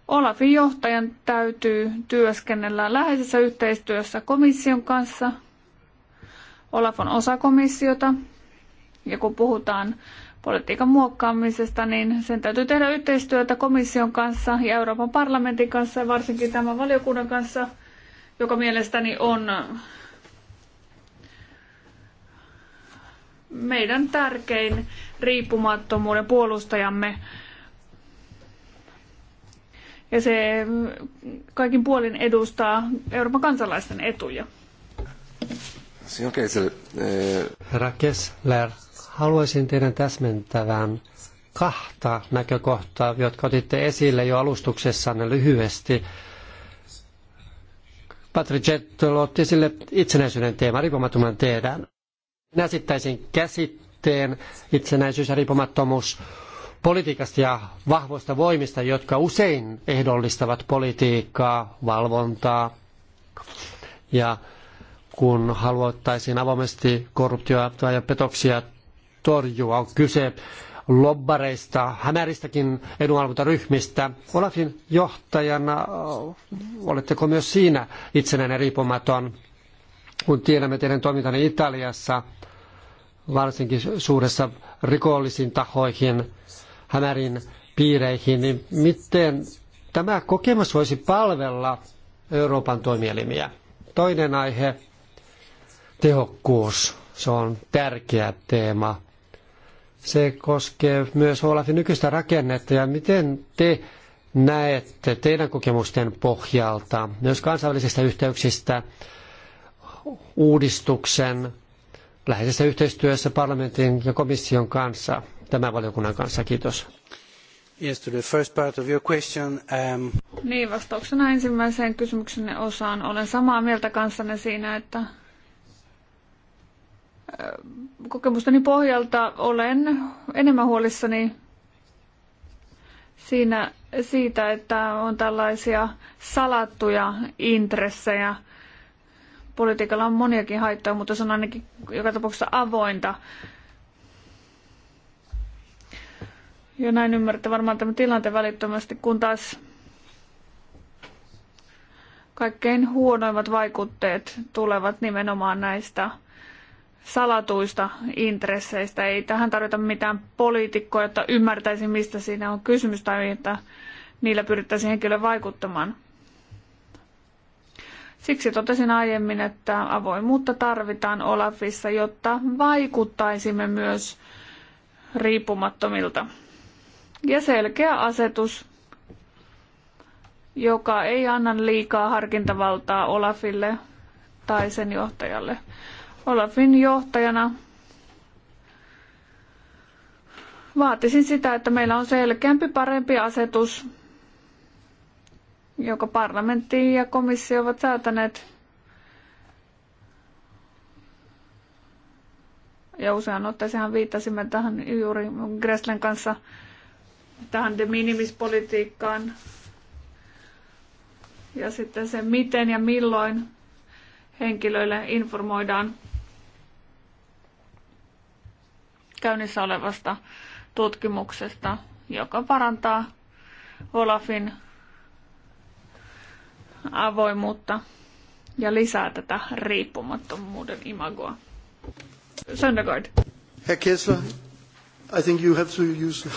Olafin johtajan täytyy työskennellä läheisessä yhteistyössä komission kanssa. Olaf on osa komissiota ja kun puhutaan politiikan muokkaamisesta, niin sen täytyy tehdä yhteistyötä komission kanssa ja Euroopan parlamentin kanssa ja varsinkin tämän valiokunnan kanssa, joka mielestäni on meidän tärkein riippumattomuuden puolustajamme ja se kaikin puolin edustaa Euroopan kansalaisten etuja. Eh, Herra Kessler, haluaisin teidän täsmentävän kahta näkökohtaa, jotka otitte esille jo alustuksessanne lyhyesti. Patricet otti esille itsenäisyyden teema, riippumattoman teidän. Näsittäisin käsitteen itsenäisyys ja riippumattomuus politiikasta ja vahvoista voimista, jotka usein ehdollistavat politiikkaa, valvontaa. Ja kun haluttaisiin avoimesti korruptiota ja petoksia torjua, on kyse lobbareista, hämäristäkin edunvalvontaryhmistä. Olafin johtajana, äh, oletteko myös siinä itsenäinen riippumaton, kun tiedämme teidän toimintanne Italiassa, varsinkin suuressa rikollisiin tahoihin, hämärin piireihin, niin miten tämä kokemus voisi palvella Euroopan toimielimiä? Toinen aihe, tehokkuus. Se on tärkeä teema. Se koskee myös Olafin nykyistä rakennetta ja miten te näette teidän kokemusten pohjalta, myös kansainvälisistä yhteyksistä, uudistuksen läheisessä yhteistyössä parlamentin ja komission kanssa tämän valiokunnan kanssa. Kiitos. Yes, to the first part of your question, um... Niin, vastauksena ensimmäiseen kysymyksenne osaan. Olen samaa mieltä kanssanne siinä, että äh, kokemusteni pohjalta olen enemmän huolissani siinä, siitä, että on tällaisia salattuja intressejä. Politiikalla on moniakin haittoja, mutta se on ainakin joka tapauksessa avointa. Ja näin ymmärrätte varmaan tämän tilanteen välittömästi, kun taas kaikkein huonoimmat vaikutteet tulevat nimenomaan näistä salatuista intresseistä. Ei tähän tarvita mitään poliitikkoa, jotta ymmärtäisi, mistä siinä on kysymys tai että niillä pyrittäisiin henkilöön vaikuttamaan. Siksi totesin aiemmin, että avoimuutta tarvitaan Olafissa, jotta vaikuttaisimme myös riippumattomilta ja selkeä asetus, joka ei anna liikaa harkintavaltaa Olafille tai sen johtajalle. Olafin johtajana vaatisin sitä, että meillä on selkeämpi, parempi asetus, joka parlamentti ja komissio ovat säätäneet ja usean otteeseen viittasimme tähän juuri Greslen kanssa – tähän de minimis-politiikkaan ja sitten se, miten ja milloin henkilöille informoidaan käynnissä olevasta tutkimuksesta, joka parantaa Olafin avoimuutta ja lisää tätä riippumattomuuden imagoa. Söndergaard. Herr Kessler, I think you have to use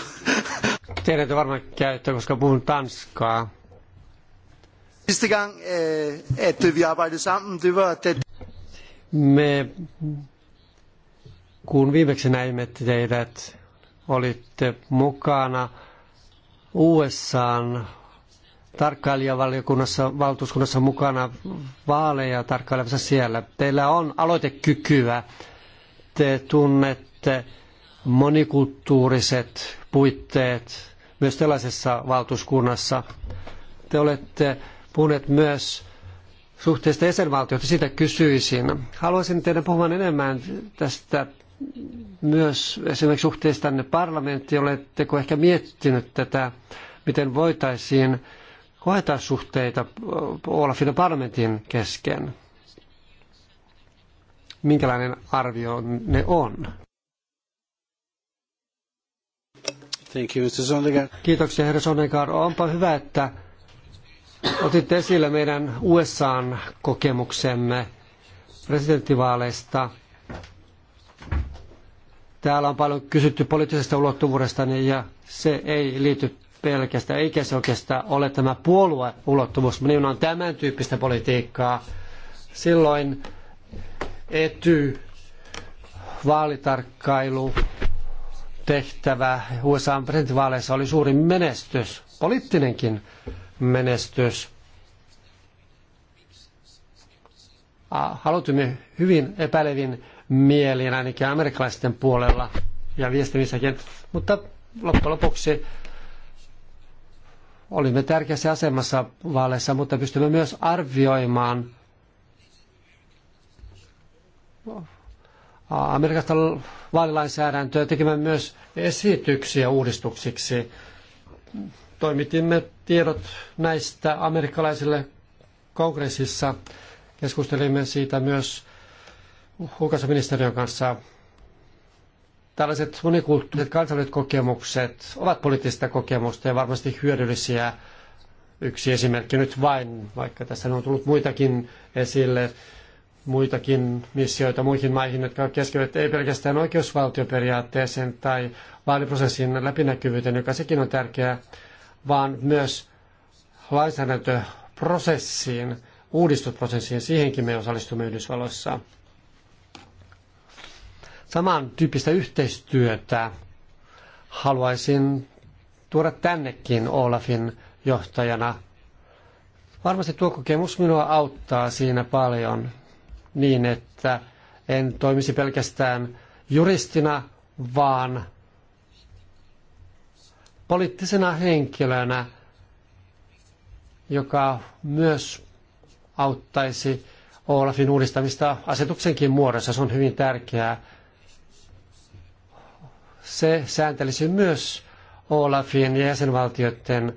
Tiedätte varmaan käyttää, koska puhun tanskaa. Sidste gang, øh, at vi arbejdede sammen, det var det... Me, kun viimeksi näimme teidät, olitte mukana USAn tarkkailijavaliokunnassa, valtuuskunnassa mukana vaaleja tarkkailemassa siellä. Teillä on aloitekykyä. Te tunnette monikulttuuriset puitteet myös tällaisessa valtuuskunnassa. Te olette puhuneet myös suhteesta jäsenvaltioita, sitä kysyisin. Haluaisin teidän puhuvan enemmän tästä myös esimerkiksi tänne parlamenttiin. Oletteko ehkä miettinyt tätä, miten voitaisiin hoitaa suhteita Olafin ja parlamentin kesken? Minkälainen arvio ne on? Thank you, Mr. Kiitoksia, herra Sonnegan. Onpa hyvä, että otitte esille meidän USAn kokemuksemme presidenttivaaleista. Täällä on paljon kysytty poliittisesta ulottuvuudesta niin- ja se ei liity pelkästään, eikä se oikeastaan ole tämä puolueulottuvuus, niin on tämän tyyppistä politiikkaa. Silloin ety, vaalitarkkailu tehtävä USA presidentinvaaleissa oli suuri menestys, poliittinenkin menestys. Halutimme hyvin epäilevin mielin ainakin amerikkalaisten puolella ja viestimissäkin, mutta loppujen lopuksi olimme tärkeässä asemassa vaaleissa, mutta pystymme myös arvioimaan Amerikasta vaalilainsäädäntöä tekemään myös esityksiä uudistuksiksi. Toimitimme tiedot näistä amerikkalaisille kongressissa. Keskustelimme siitä myös ulkoasiaministeriön kanssa. Tällaiset monikulttuuriset kansalliset kokemukset ovat poliittista kokemusta ja varmasti hyödyllisiä. Yksi esimerkki nyt vain, vaikka tässä on tullut muitakin esille muitakin missioita muihin maihin, jotka keskivät ei pelkästään oikeusvaltioperiaatteeseen tai vaaliprosessin läpinäkyvyyteen, joka sekin on tärkeää, vaan myös lainsäädäntöprosessiin, uudistusprosessiin, siihenkin me osallistumme Yhdysvalloissa. Samantyyppistä yhteistyötä haluaisin tuoda tännekin Olafin johtajana. Varmasti tuo kokemus minua auttaa siinä paljon niin, että en toimisi pelkästään juristina, vaan poliittisena henkilönä, joka myös auttaisi Olafin uudistamista asetuksenkin muodossa. Se on hyvin tärkeää. Se sääntelisi myös Olafin ja jäsenvaltioiden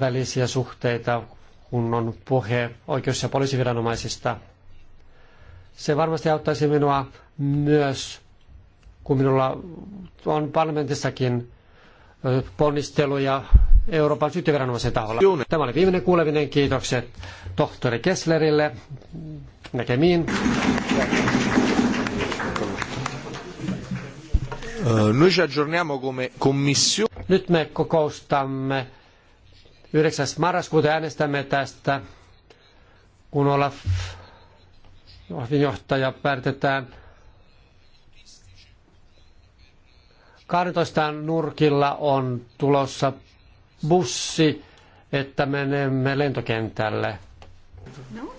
välisiä suhteita, kun on puhe oikeus- ja poliisiviranomaisista se varmasti auttaisi minua myös, kun minulla on parlamentissakin ponnisteluja Euroopan syyteviranomaisen taholla. Tämä oli viimeinen kuuleminen. Kiitokset tohtori Kesslerille. Näkemiin. Noi ci aggiorniamo come Nyt me kokoustamme 9. marraskuuta äänestämme tästä, kun Olaf johtaja päätetään kartoistaan nurkilla on tulossa bussi, että menemme lentokentälle. No?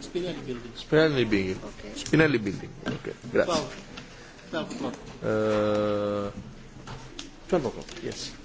Spinelli Building. Spinelli Building. Okay. Spinelli Building. Okay. Grazie. 12 o'clock. Uh, 12 o'clock, yes.